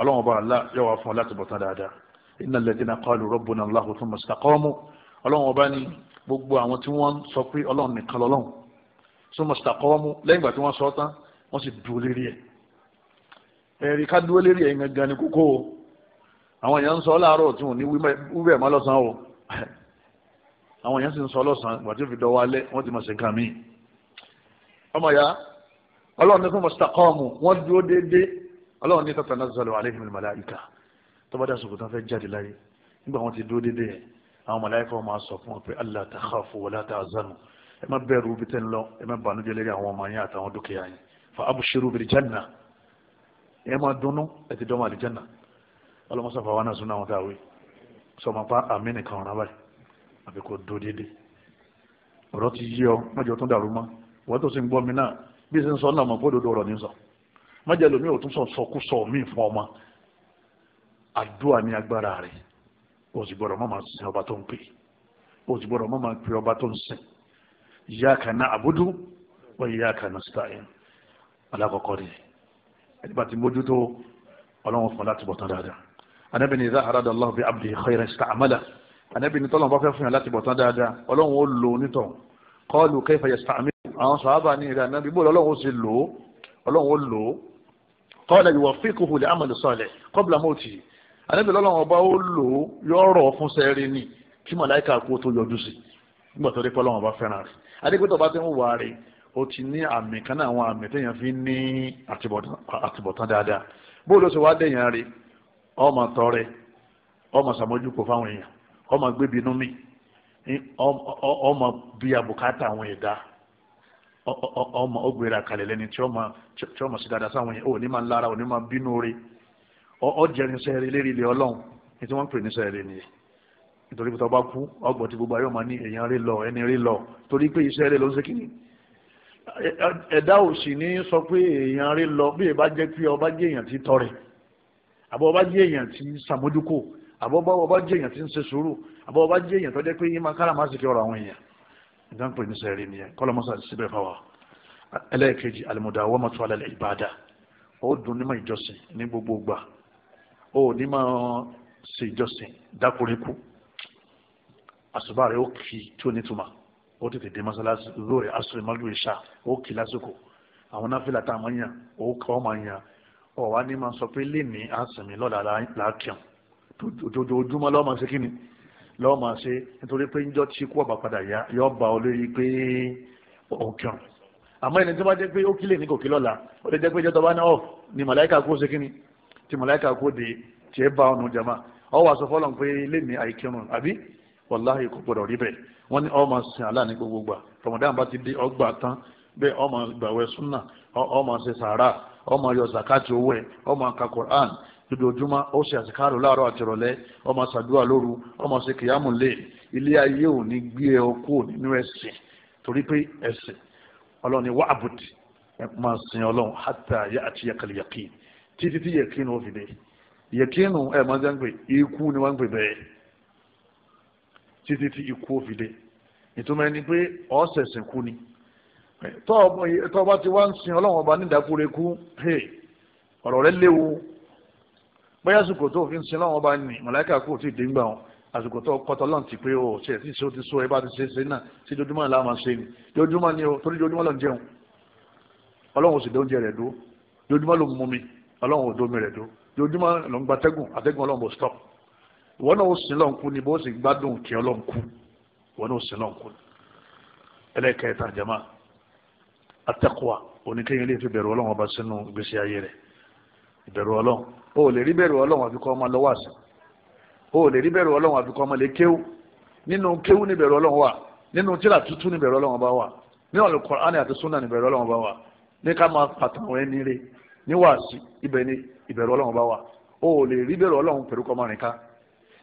ọlọ́run ọba àlá yóò gbogbo àwọn tí wọ́n sọ pé ọlọ́run nìkan lọ́lọ́run súnmọ́ sàkọ́wọ́mú lẹ́yìn ìgbà tí wọ́n sọ tán wọ́n sì dúró lérí ẹ̀ ẹ̀rí ká dúró lérí ẹ̀ gangan ni kókó o àwọn èèyàn ń sọ láàárọ̀ tí wọ́n ní wíwẹ̀ mọ́ lọ́sàn-án o àwọn èèyàn sì ń sọ lọ́sàn-án ìgbà tí ó fi dọ̀wọ́ alẹ́ wọ́n ti mọ̀ sí nǹkan míì ọmọ ya ọlọ́run ní súnmọ́ sàkọ́wọ́mú wọ́n dúró déédéé ọlọ́run ní tàtàná zọlọ alẹ́ ìmọ̀lá ìkà tọ́bádà àwọn màláíkà máa sọ fún wọn pé allah ta khafu wala tahzanu ẹ má bẹ̀rù bí tẹ́ ń lọ ẹ má bànújẹ́ lérí àwọn ọmọ yẹn àtàwọn dúkìá yẹn fa abushiru bil janna ẹ má dunnú ẹ ti dọ́mọ àlìjánà ọlọ́mọsàfà wa náà sún náà wọn sọmọ pa àmì nìkan ọ̀ràn báyìí àfi kò dó déédéé ọ̀rọ̀ ti yí ọ mọ́jọ tó dàrú mọ́ wọ́n tó sì ń gbọ́ mi náà bí ṣe sọ náà mọ̀ pé òdodo ọ̀rọ̀ ní sọ mọ́jọ lómi ò tún sọ sọkú sọ mí fún ọmọ àdúrà ní agbára rẹ̀ o sì gbọ́dọ̀ má máa sin ọba tó ń pè o sì gbọ́dọ̀ má máa pè ọba tó ń sìn iyyaka na'budu wa iyyaka nasta'in alákọ̀ọ́kọ́ ni ẹni bá ti mójútó ọlọ́run fún láti bọ̀ tán dáadáa anábì ní idha arada Allahu bi abdihi khayran ista'malah anábì ní tọ́lọ́n bá fẹ́ fún yàn láti bọ̀ tán dáadáa ọlọ́run ó lò onítọ̀ qalu kayfa yasta'mil àwọn sàhábà ní ìrẹ́ anábì bó ọlọ́run ó sì lò ọlọ́run ó lò qala yuwaffiquhu li'amali salih qabla mawtihi ànábì lọ́lọ́run ọba ó lò ó yọ̀rọ̀ fún sẹ́ẹ̀rì ni kí màláìka kú tó yọjú sí nígbà tó pé ọlọ́run ọba fẹ́ràn rẹ̀ adégbètò ọba ti ń wà rẹ̀ ó ti ní àmì kan náà àwọn àmì téèyàn fi ní àtìbọ̀tán dáadáa bó ló ṣe wá déèyàn rẹ̀ ọmọ tọrẹ ọmọ sàmójúkọ fáwọn èèyàn ọmọ mi ọmọ ọjẹrin sẹẹrẹ lérí ilé Ọlọ́run ní tí wọn ń pè ní sẹẹrẹ nìyẹn nítorí pé tọba kú ọgbọ̀n tí gbogbo ayé ọmọ ní èèyàn rí lọ ẹni rí lọ torí pé iṣẹ́ ló ń ṣe kìíní ẹ̀dá ò sì ní sọ pé èèyàn rí lọ bí ìbá jẹ́ pé ọba jẹ́ èèyàn ti tọrẹ àbọ̀ ọba jẹ́ èèyàn ti sàmójúkò àbọ̀ ọba jẹ́ èèyàn ti ń ṣe sùúrù àbọ̀ ọba jẹ́ èèyàn tó jẹ́ pé yíma kára máa sì fi ọ̀rọ̀ àwọn èèyàn nǹkan pè ní sẹ́rí nìyẹn kọ́lọ́ mọ́sá síbẹ̀ fáwa ẹlẹ́ẹ̀kejì àlùmọ̀dà mọ̀tò alẹ́ ìbàdà ó dùn nímọ̀ ìjọsìn ní gbogbo gbà ó ní máa ṣèjọsìn dákúrékú àṣùbà rẹ̀ ó kì í tó nítumọ̀ ó tètè dé mọ́sálásí lórí asùn ìmọ̀lú ìṣá ó kì í lásìkò àwọn náfìlà tá a máa ń yàn ó kọ́ máa ń yàn ọ̀ wá ní máa sọ pé léèmí àsìmí lọ́la làákìyàn ojoojúmọ́ lọ́ọ́ máa ṣe kí ni lọ́ọ́ máa ṣe nítorí pé njọ́ tí kú ọ̀bà padà yá yọ́ ba ọ lórí pé òkìrùn àmọ́ ẹni tí wọ́n jẹ́ pé ó kílè ní kò kí lọ́la ó lè jẹ́ pé ìjọba náà ní màláìka kú ó ṣe kí ni tí màláíkà kó de tiẹ̀ bá ọ̀nà jama ọ wà sọ fọlọ́n pé ilé mi àìkírun àbí wàláhì kò gbọdọ̀ rí wọ́n ni ọmọ sin ala ní gbogbo gbà Ramadan bá ti di ọgbà tán bẹ́ẹ̀ ọmọ gbàwẹ̀ súnà ọmọ ọmọ yọ zakati owó ọmọ ka Qur'an dojoojúmọ́ ó ṣe àsìkárò ọmọ lóru ọmọ kìyàmù lè ilé ayé ò ní gbé ẹ kú nínú torí pé ni wàá àbùtì máa títí tí yẹkínú fi dé yẹkínú ẹ máa jẹ́ ń pè ni wọ́n ń pè bẹ́ẹ̀ títí tí ikú fi dé ìtumọ̀ ẹni pé ọ̀sẹ̀sìn kú ni tọ́ọ̀bá ti wá ń sin ọlọ́run ọba nídàkúrẹ́ kú ọ̀rọ̀ rẹ léwu bóyá àsìkò tó fi ń sin ọlọ́run ọba ni mọ̀láìkà kú ti dé ń gbà wọn àsìkò tó kọ́tọ̀ lọ́n ti pé o oh, ṣe ti ṣe o ti sọ ẹ bá ti ṣe ṣe náà ṣe jojúmọ́ ìlà máa ṣe ni jojúmọ́ ni o torí jojúmọ́ lọ́n jẹun ọlọ́run ò sì dé oúnjẹ rẹ̀ dúró jojúmọ́ ló mú mi ọlọ́run ò domi rẹ̀ dó lójúmọ́ ló gba atẹ́gùn atẹ́gùn ọlọ́run bò stop ìwọ náà ó sin lọ́nkú ni bó sì gbádùn kí ọlọ́run kú ìwọ náà ó sin lọ́nkú ni ẹlẹ́kẹ̀ẹ́ta jama atẹ́kùwà oníkéyìn lè fi bẹ̀rù ọlọ́run ọba sínú ìgbésí ayé rẹ̀ ìbẹ̀rù ọlọ́run ó lè rí bẹ̀rù ọlọ́run àfikọ́ ọmọ lọ́wọ́ àṣà ó lè rí bẹ̀rù ọlọ́run àfikọ́ ọmọ lè kéwú nínú kéwú ní bẹ̀rù ọlọ́run ní wàásì ibẹ̀ ni ìbẹ̀rù ọlọ́run bá wà o ò lè rí bẹ̀rù ọlọ́run pẹ̀lú kọ́mọ nìkan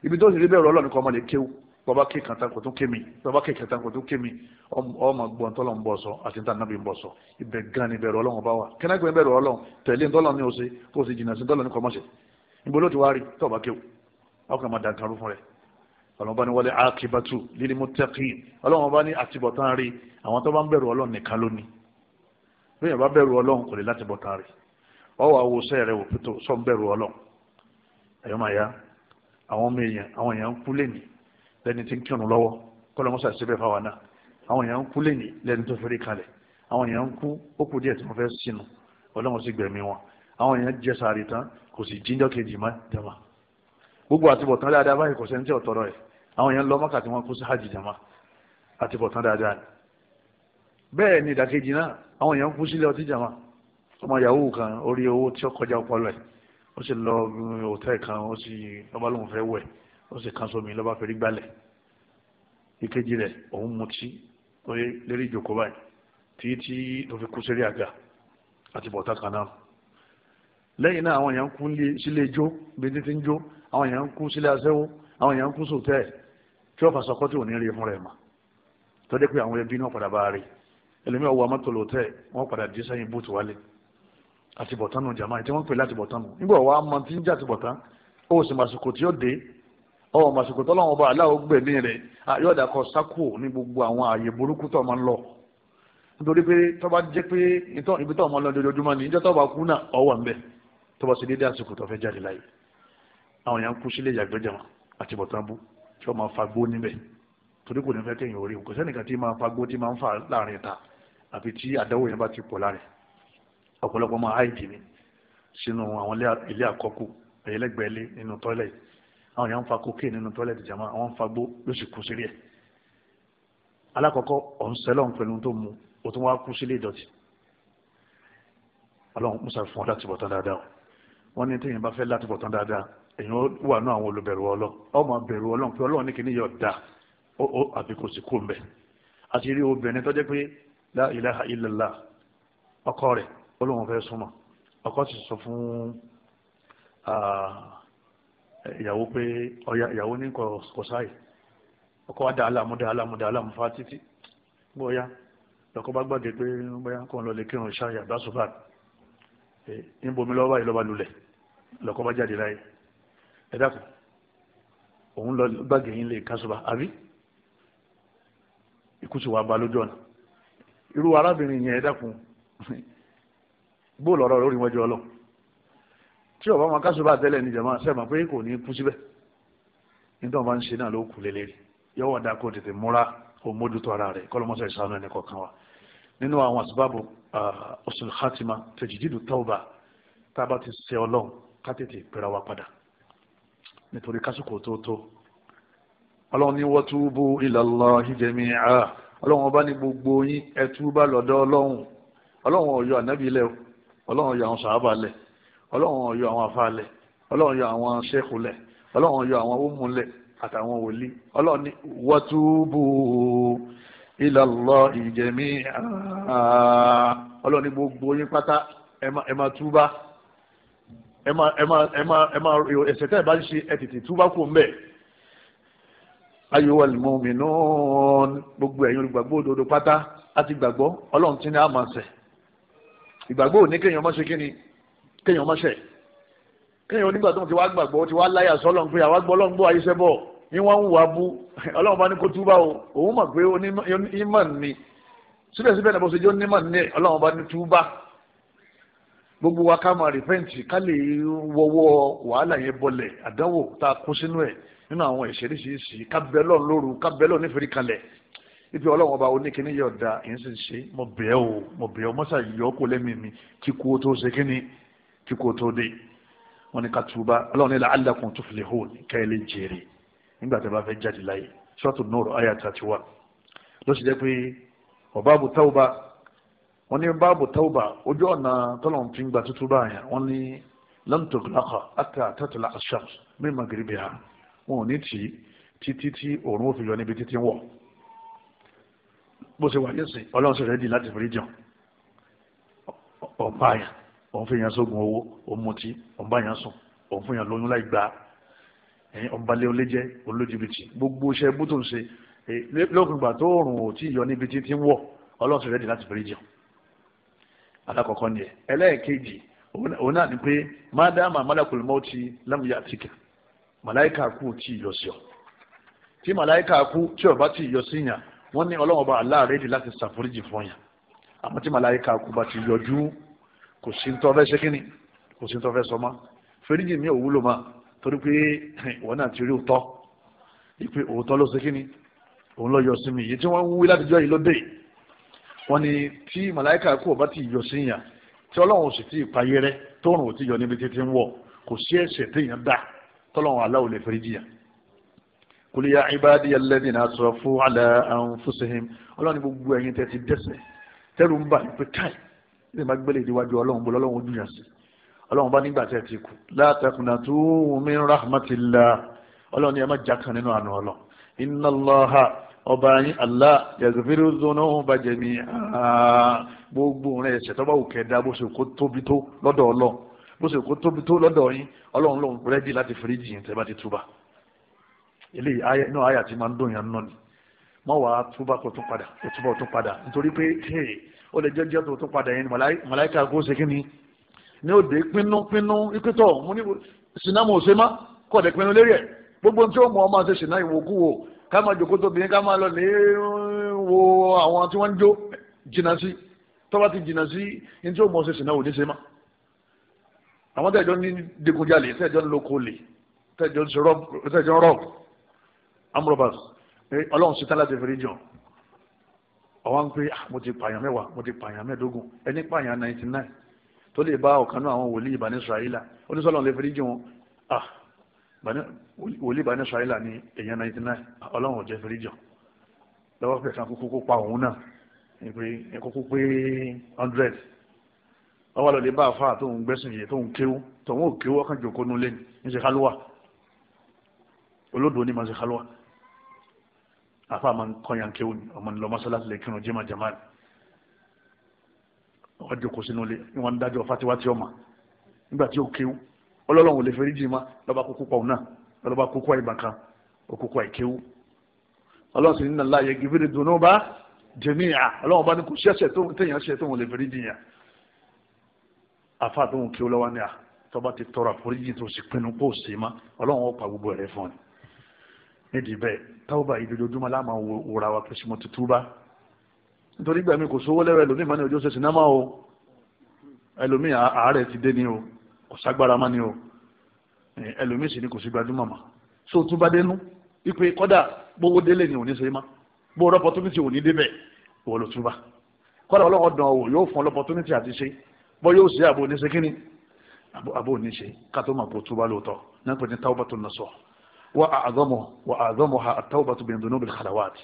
ibi tó sì rí bẹ̀rù ọlọ́run kọ́mọ lè kéwu bàbá ké kàtà kò tún ké mi bàbá ké kàtà kò tún ké mi ọmọ gbọ́n tọ́lọ̀ ń bọ̀ sọ àti níta nàbí ń bọ̀ sọ ibẹ̀ gan ni bẹ̀rù ọlọ́run bá wà kẹ́nẹ́gbẹ́ bẹ̀rù ọlọ́run tẹ̀lé ńtọ́lọ́ ní ose kó o sì jìnnà sí ńtọ́lọ́ ní kọ́mọ́sẹ̀ níbo ló ti wá rí tọ́ọ̀bá kéwu ọkàn máa dàn kanrú fún rẹ̀ ọlọ́run bá ní wọlé akibatu lílí muttaqin ọlọ́run bá ní ọwọ́ àwòsàn rẹ̀ wò pẹ̀tọ́ sọ́nbẹ̀rù ọlọ́run ẹ̀yọ́ máa ya àwọn ọmọ èèyàn àwọn èèyàn ń kú lẹ́nì lẹ́ni tí ń kírun lọ́wọ́ kọ́lọ́mọ́sà síbẹ̀ fáwọn náà àwọn èèyàn ń kú lẹ́nì lẹ́ni tó fẹ́rí kalẹ̀ àwọn èèyàn ń kú ó kù díẹ̀ tí wọ́n fẹ́ sínú ọlọ́run sì gbẹ̀mí wọn àwọn èèyàn jẹ sàárì tán kò sì jíjọ́ kejì má jama gbogbo àtibọ̀tán dáadáa báyìí kò sẹ́ni tí ọ̀tọ̀rọ̀ ẹ̀ àwọn èèyàn lọ mọ́kà tí wọ́n kú sí hajj jama àtibọ̀tán dáadáa ni bẹ́ẹ̀ ni ìdàkejì náà àwọn èèyàn kú sílẹ̀ ọtí jama ọmọ yahoo kan ó rí owó tí ó kọjá ọpọlọ ẹ̀ ó sì lọ òtẹ́ẹ̀ kan ó sì lọ́ba lóun fẹ́ wẹ̀ ó sì kan sómi lọ́ba fẹ́rí gbalẹ̀ ìkejì rẹ̀ òun mutí lérí ìjòkó báyìí tí tí tó fi kú sórí àga àti bọ̀tá kan náà lẹ́yìn náà àwọn èèyàn kú sílé ijó bí títí ń jó àwọn èèyàn kú sílé aṣẹ́wó àwọn èèyàn kú sòtẹ́ẹ̀ tí wọ́n fàṣọkọ́ tí ò rí fún rẹ̀ mà tó dé pé àwọn ẹbí náà padà bá rí ẹlòmíràn wọ amọ́tò lòtẹ́ẹ̀ wọ́n padà dé sẹ́yìn búùtù wálé àtibọ̀tánu jàmá tí wọ́n pè látibọ̀tánu nígbà wàá mọ tí ń jà àtibọ̀tán ó sì màsìkò tí ó dé ọ màsìkò tó lọ́wọ́ bá aláwọ̀ gbẹ̀mí rẹ̀ yọ̀dà kọ sákò ní gbogbo àwọn ààyè burúkú tó máa ń lọ nítorí pé tó bá jẹ́ pé ibi tó máa lọ lójoojúmọ́ ni ìjọ́ tó bá kú náà ọ wà ń bẹ̀ tó bá sì dédé àsìkò tó fẹ́ jáde láyé àwọn yẹn ń kú sílé ìyàgbẹ́ jàmá àtibọ̀tán bú tí wọ́n máa fagbó níbẹ̀ torí kò ní fẹ́ kéèyàn orí kò sẹ́nìkan tí máa fagbó tí máa ń fà láàrin ọ̀pọ̀lọpọ̀ máa háìjì ni sínú àwọn ilé àkọ́kù ẹ̀yẹlẹ́gbẹ̀ẹ́lé nínú tọ́lẹ̀tì àwọn èèyàn ń fa cocaine nínú tọ́lẹ̀tì jàmá àwọn ń fa gbó ló sì kú sílé ẹ̀ alákọ̀ọ́kọ́ ọ̀nsẹ́lọ̀ pẹ̀lú tó mu ó tún wá kú sílé ìdọ̀tí ọlọ́run musa fún ọ láti bọ̀ tán dáadáa wọ́n ní téèyàn bá fẹ́ láti bọ̀ tán dáadáa èèyàn wà náà àwọn olùbẹ̀rù ọlọ́run ọmọ la ilaha illallah ọkọ rẹ̀ ó lóun fẹ́ súnmọ́ ọkọ sì sọ fún ìyàwó pé ọ̀yà ìyàwó ní kò sáì ọkọ wa dá aláàmú dá aláàmú dá aláàmú fa títí bóyá lọkọ bá gbàgbé pé bóyá kò ń lọ lè kírun ṣáà yàgbá sùbà níbomi lọ́wọ́ báyìí lọ́ba lulẹ̀ lọkọ bá jáde láyé ẹ dákun òun lọ gbàgbé yín lè kásùbà àbí ikú sì wàá ba ọ̀nà irú arábìnrin yẹn ẹ dákun bó lọ́rọ̀ lórí wọn jọ lọ tí ọba ọmọ kásùbà tẹ́lẹ̀ ní jama sẹ́mà pé kò ní kú síbẹ̀ nítorí wọn bá ń ṣe náà ló kù lélẹ̀ yọwọ́ dá kó tètè múra kó mójútó ara rẹ̀ kọ́lọ́mọṣẹ́ ìsànú ẹni kọ̀ọ̀kan wa nínú àwọn àsìbábò ọ̀sùn ah, khatima tẹ̀jìdìdù tọ́ọ̀bà tá a bá ti ṣe ọlọ́run ká tètè pera wa padà nítorí kásìkò tó tó ọlọ́run ní watubu ilallahi jami'a ọlọ́run ọba ní gbogbo yín ẹ túbà ọlọ́run ọlọ́run ọ̀yọ́ ànábìlẹ̀ o ọlọ́run yọ àwọn sàábà lẹ̀ ọlọ́run yọ àwọn afá lẹ̀ ọlọ́run yọ àwọn ṣẹ́kù lẹ̀ ọlọ́run yọ àwọn ọmú lẹ̀ àtàwọn wòlí ọlọ́run ní watubu ilallahi jami'a ọlọ́run ní gbogbo yín pátá ẹ máa túbá ẹ máa ẹ máa ẹ máa ẹsẹ̀ tẹ́ ẹ bá ń ṣe ẹ tètè túbá kò ń bẹ̀ ayyuhal mu'minun gbogbo ẹ̀yin olùgbàgbọ́ òdodo pátá àti gbàgbọ́ ọlọ́run ti ní àmọ̀ ọ̀sẹ̀ ìgbàgbọ́ òní kéèyàn má ṣe kí ni kéèyàn má ṣe kéèyàn onígbà tó ti wá gbàgbọ́ ti wá láyà sọ́lọ́n pé àwa gbọ́ lọ́n gbọ́ àyíṣẹ́ bọ̀ ní wọ́n ń wà bú ọlọ́run bá ní kó túbà o òun mọ̀ pé onímọ̀ ni síbẹ̀síbẹ̀ nàbọ̀ sojó onímọ̀ ni ọlọ́run bá ní túbà gbogbo wa ká máa rìpẹ́ǹtì ká lè wọwọ́ wàhálà yẹn bọlẹ̀ àdánwò tá a kó sínú ẹ̀ nínú àwọn ìṣeríṣiríṣi ká bẹ́ lọ́n lóru ká bẹ́ lọ́n nífẹ̀ẹ́ kalẹ̀ ibi ọlọ́run ọba oníkíní yọ̀ da èyí sì ṣe mo bẹ̀ ọ́ mo bẹ̀ ọ́ mọ́sá yọ̀ kó lẹ́mìí mi kí kú tó ṣe tó dé wọn ni ká túbà ọlọ́run nílẹ̀ alákùn tó filẹ̀ hóòn ká ẹ lè jèrè nígbà tí a bá fẹ́ jáde láyé sọ́ọ̀tù nọ́ọ̀rọ̀ ayé àtàtì wa ló sì jẹ́ pé ọba àbò tauba wọn ní báàbò táwùbà ojú ọ̀nà tọ́lọ̀n fi ń gba tútú báyà wọn ní bó ṣe wà nísìn ọlọ́run ṣe rẹ́dì láti fìrí jàn ọ̀pá yẹn òun fi yàn sógun owó òun mutí òun bá yàn sùn òun fún yàn lóyún láì gbà ẹ̀yìn ọ̀nbalẹ̀ olé jẹ́ olójúbìtì gbogbo iṣẹ́ bó tó ń ṣe lókun ìgbà tó rùn ò tí yọ níbi títí wọ̀ ọlọ́run ṣe rẹ́dì láti fìrí jàn alákọ̀ọ́kọ́ ni ẹ̀ ẹlẹ́ẹ̀kejì òun náà ni pé mádàmà málàkùlù mọ́ ti lámùyá àtìkà màláìkà kú tí ì yọ sí ọ tí màláìkà kú tí ó bá yọ sí yàn wọ́n ní ọlọ́wọ́n bá aláàrẹ́ di láti ṣàforíjì fún yàn àmọ́ tí màláyíká kú bá ti yọjú kò sí tọ́fẹ́ ṣé kíni kò sí tọ́fẹ́ sọ mọ́ foríjì mi ò wúlò mọ́ torí pé ìwọ náà ti rí òótọ́ ìpè òótọ́ ló ṣe kíni òun lọ yọ sí mi èyí tí wọ́n ń wí láti jọ yìí ló dé wọ́n ní tí màláyíká kú ti yọ sí yàn tí ọlọ́run sì ti ìpayẹrẹ tóorùn ò ti yọ níbi títí ń wọ̀ kò sí ẹ̀ṣẹ̀ kùlìyà ìbádìí alladhina asrafu ala anfusihim ọlọ́run ní gbogbo ẹ̀yin tẹ́ ti dẹ́ṣẹ̀ tẹ́rù ń bà ní pé káì ní ìmá gbélé ìdíwájú ọlọ́run bó lọ́lọ́run ojú yàn sí ọlọ́run bá nígbà tẹ́ ti kù la taqnatu min rahmatillah ọlọ́run ní ẹ má já kan nínú àánú ọlọ́run inna Allaha ọba yín Allah yaghfiru dhunuba jami'a gbogbo rẹ̀ ẹ̀ṣẹ̀ tó bá wù kẹ́ẹ̀dá bó ṣe kó tóbi tó lọ́dọ̀ ọlọ́run bó ṣe kó tóbi tó lọ́dọ̀ yín ọlọ́run lòun rẹ́dí láti foríjì yín tẹ́ bá ti túbà eléyìí ayé náà ayé àti máa ń dùn yàn náà ni mọ wàá túbà kó tún padà kó túbà tún padà nítorí pé ó lè jẹ́jẹ́ tó tún padà yẹn màláìka kó ṣe kí ni ní òde pinnu pinnu ìpìtọ̀ mo ní sinamu ọ̀sẹ̀ má kọ́ ọ̀dẹ̀ pinnu lérí ẹ̀ gbogbo tí ó mọ ọmọ àti sinna ìwòkú wo ká máa jòkó tóbi ká máa lọ lè wo àwọn tí wọ́n ń jó jìnnà sí tọ́ba ti jìnnà sí ní tí ó mọ ọ̀sẹ̀ sinna òní ṣe má àwọn tẹ̀jọ́ ní digunjalè tẹ̀jọ́ ń lo tẹ̀jọ́ ń rọ́ọ̀bù amrobas ọlọ́run ṣe tálá ti fèrè jọ ọwọ́n pé ah, mo ti pààyàn mẹ́wàá mo ti pààyàn mẹ́ẹ̀ẹ́dógún ẹni pààyàn ninety nine tó lè bá ọ̀kan náà àwọn wòlíì ìbàní israẹlà oníṣọ́lọ́run lè fèrè jọ ah wòlíì ìbàní israẹlà ni èèyàn ninety nine ah, ọlọ́run ò jẹ́ fèrè jọ lọ́wọ́ pẹ̀ kan kúkú pa òun náà ìpè kúkú pé hundred wọ́n wá lọ lè bá àfa tóun gbẹ́sìn yìí tóun kéwú tóun ò kéwú ọkàn jòkó nulẹ̀ ní ṣe kálúwà olódò ní ma ṣe kálúwà afa ma ń kọyàn kéwù ni ọmọ nílò mọ́sálásí lè kírun jimá jama wọ́n jókòó sínú ilé wọ́n ń dájọ́ fatiwati ọmọ nígbà tí ó kéwù ọlọ́run ò lè fẹ́rí jimá lọ́ba kúkú pa òun náà lọ́ba kúkú àìbá kan òkúkú àìkéwù ọlọ́run sì ní nàlá yẹ gíbírí dùnú bá jẹ̀míyà ọlọ́run bá ní kò ṣẹ́ṣẹ̀ tó téèyàn ṣe tó wọn lè fẹ́rí jìyà afa tó ń kéwù lọ́wọ́ ní à ah, tọ́ba ti tọrọ àforíjì tó sì pinnu kó o sè é pa gbogbo ẹ̀rẹ́ fún ọ nídìí bẹ́ẹ̀ táwọ́bà ìdójoojúmọ́ láàmà wòrà wa kí simo tuntun bá nítorí gbàmí kò sówó lẹ́rọ ẹlòmíì máa ní ojú ṣe sinamá o ẹlòmíì àárẹ̀ ti dé ni o kò ságbára má ni o ẹlòmíì sì ni kò sí gbajúmọ̀ mà so tún bá dénú ipe kọ́dà gbowó délé ni òní ṣe má gbowó opportunity òní débẹ̀ wọ́n ló tún bá kọ́dà ọlọ́wọ́ dán o yóò fún opportunity àti ṣe bọ́ yóò ṣe àbò oníṣe kíni àbò oníṣe ká tó máa kó tún bá lóòótọ́ náà pè ní táwọn bá tó wa وأعظمها التوبة àzọmọ ha àtàwùbà tó bẹ̀rẹ̀ dùnúbìlì kàlàwàtì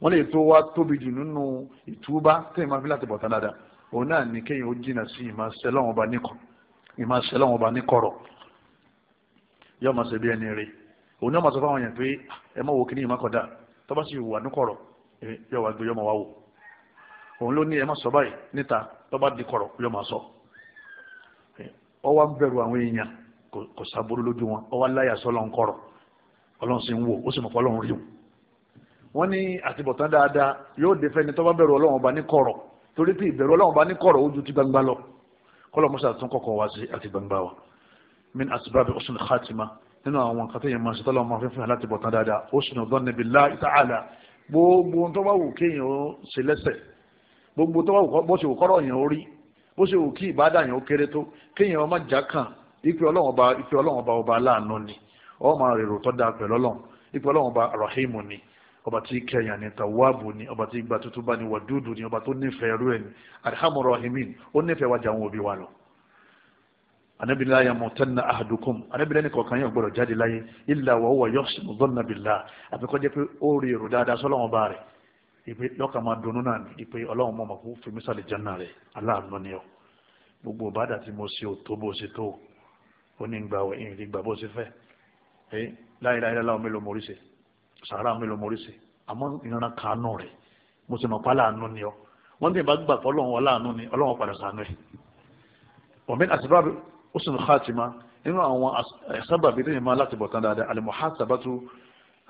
wọn lè tó wá tóbi jù nínú ìtúbá téèyàn máa fi láti bọ̀tán dáadáa òun náà ní kéèyàn ó jìnnà sí ìmọ̀ sẹ́lọ̀wọ̀n ọba níkọ̀ ìmọ̀ sẹ́lọ̀wọ̀n ọba níkọ̀rọ̀ yóò máa ṣe bí ẹni rè òun náà máa sọ fáwọn èèyàn pé ẹ má wo kíní ìmọ̀ kọ̀dá tó bá sì wà níkọ̀rọ̀ yóò wá gbé yóò máa wá wò òun ló ní ẹ má sọ báyìí níta tó bá di yóò máa sọ ọ wá ń bẹ̀rù àwọn èèyàn kò ọlọ́run sì ń wò ó sì mọ̀ pé ọlọ́run rí o wọ́n ní àtibọ̀tán dáadáa yóò dé fẹ́ni tó bá bẹ̀rù ọlọ́run ọba ní kọ̀rọ̀ torí pé ìbẹ̀rù ọlọ́run ọba ní kọ̀rọ̀ ó ju ti gbangba lọ kọ́lọ́ musa tún kọ́kọ́ wá sí àti gbangba wa min asibaabi osun khatima nínú àwọn nǹkan tó yẹ máa ṣe tọ́lọ́ máa fi fún yàrá àtibọ̀tán dáadáa osun ọ̀dọ́ni billahi ta'ala gbogbo tó bá wù kéèyàn ó ṣe lẹ́sẹ̀ gbogbo tó bá wù bó ṣe wù kọ́rọ̀ yẹn ó rí bó ṣe wù kí ìbádà yẹn ó kéré tó kéèyàn ó jà kàn ìpè ọlọ́run ọba ìpè ọlọ́run ọba ọba aláàánú ni ọ máa rèrò tó dáa pẹ̀lú ọlọ́run ipò ọlọ́run ọba rahimu ni ọba tí kẹyàn ni tawabu ni ọba tí gba tuntun bá ni wàdúdù ni ọba tó nífẹ̀ẹ́ rú ẹ̀ ni alhamu rahimin ó nífẹ̀ẹ́ wájà àwọn òbí wa lọ. anabila ya mutanna ahadukum anabila ni kọ̀ọ̀kan yóò gbọ́dọ̀ jáde láyé illa wa huwa yuhsinu dhanna billah àbíkọ́ jẹ́ pé ó rí èrò dáadáa sọ́lọ́wọ́n bá rẹ̀ ìpè lọ́kà máa dunnú náà ni ìpè ọlọ́run mọ̀ mọ̀ kó fi mí sálẹ̀ jẹ́nà rẹ̀ aláàánú ni ọ gbogbo bàdà tí mo ṣe ò tó bó ṣe tó ó ní gbà wẹ̀ ìrìn gbà bó ṣe fẹ́ ẹ láìláìláìláwọ mélòó mo rí ṣe sàárà mélòó mo rí ṣe àmọ́ ìran kàánú rẹ̀ mo sì mọ̀ pé aláàánú ni ọ wọ́n ti bá gbà pé ọlọ́run aláàánú ni ọlọ́run padà sànú ẹ̀ ọ̀mìn àti bábí ó sì ń ha ti ma nínú àwọn sábàbí tó yẹ máa láti bọ̀ tán dáadáa alimuhasabatu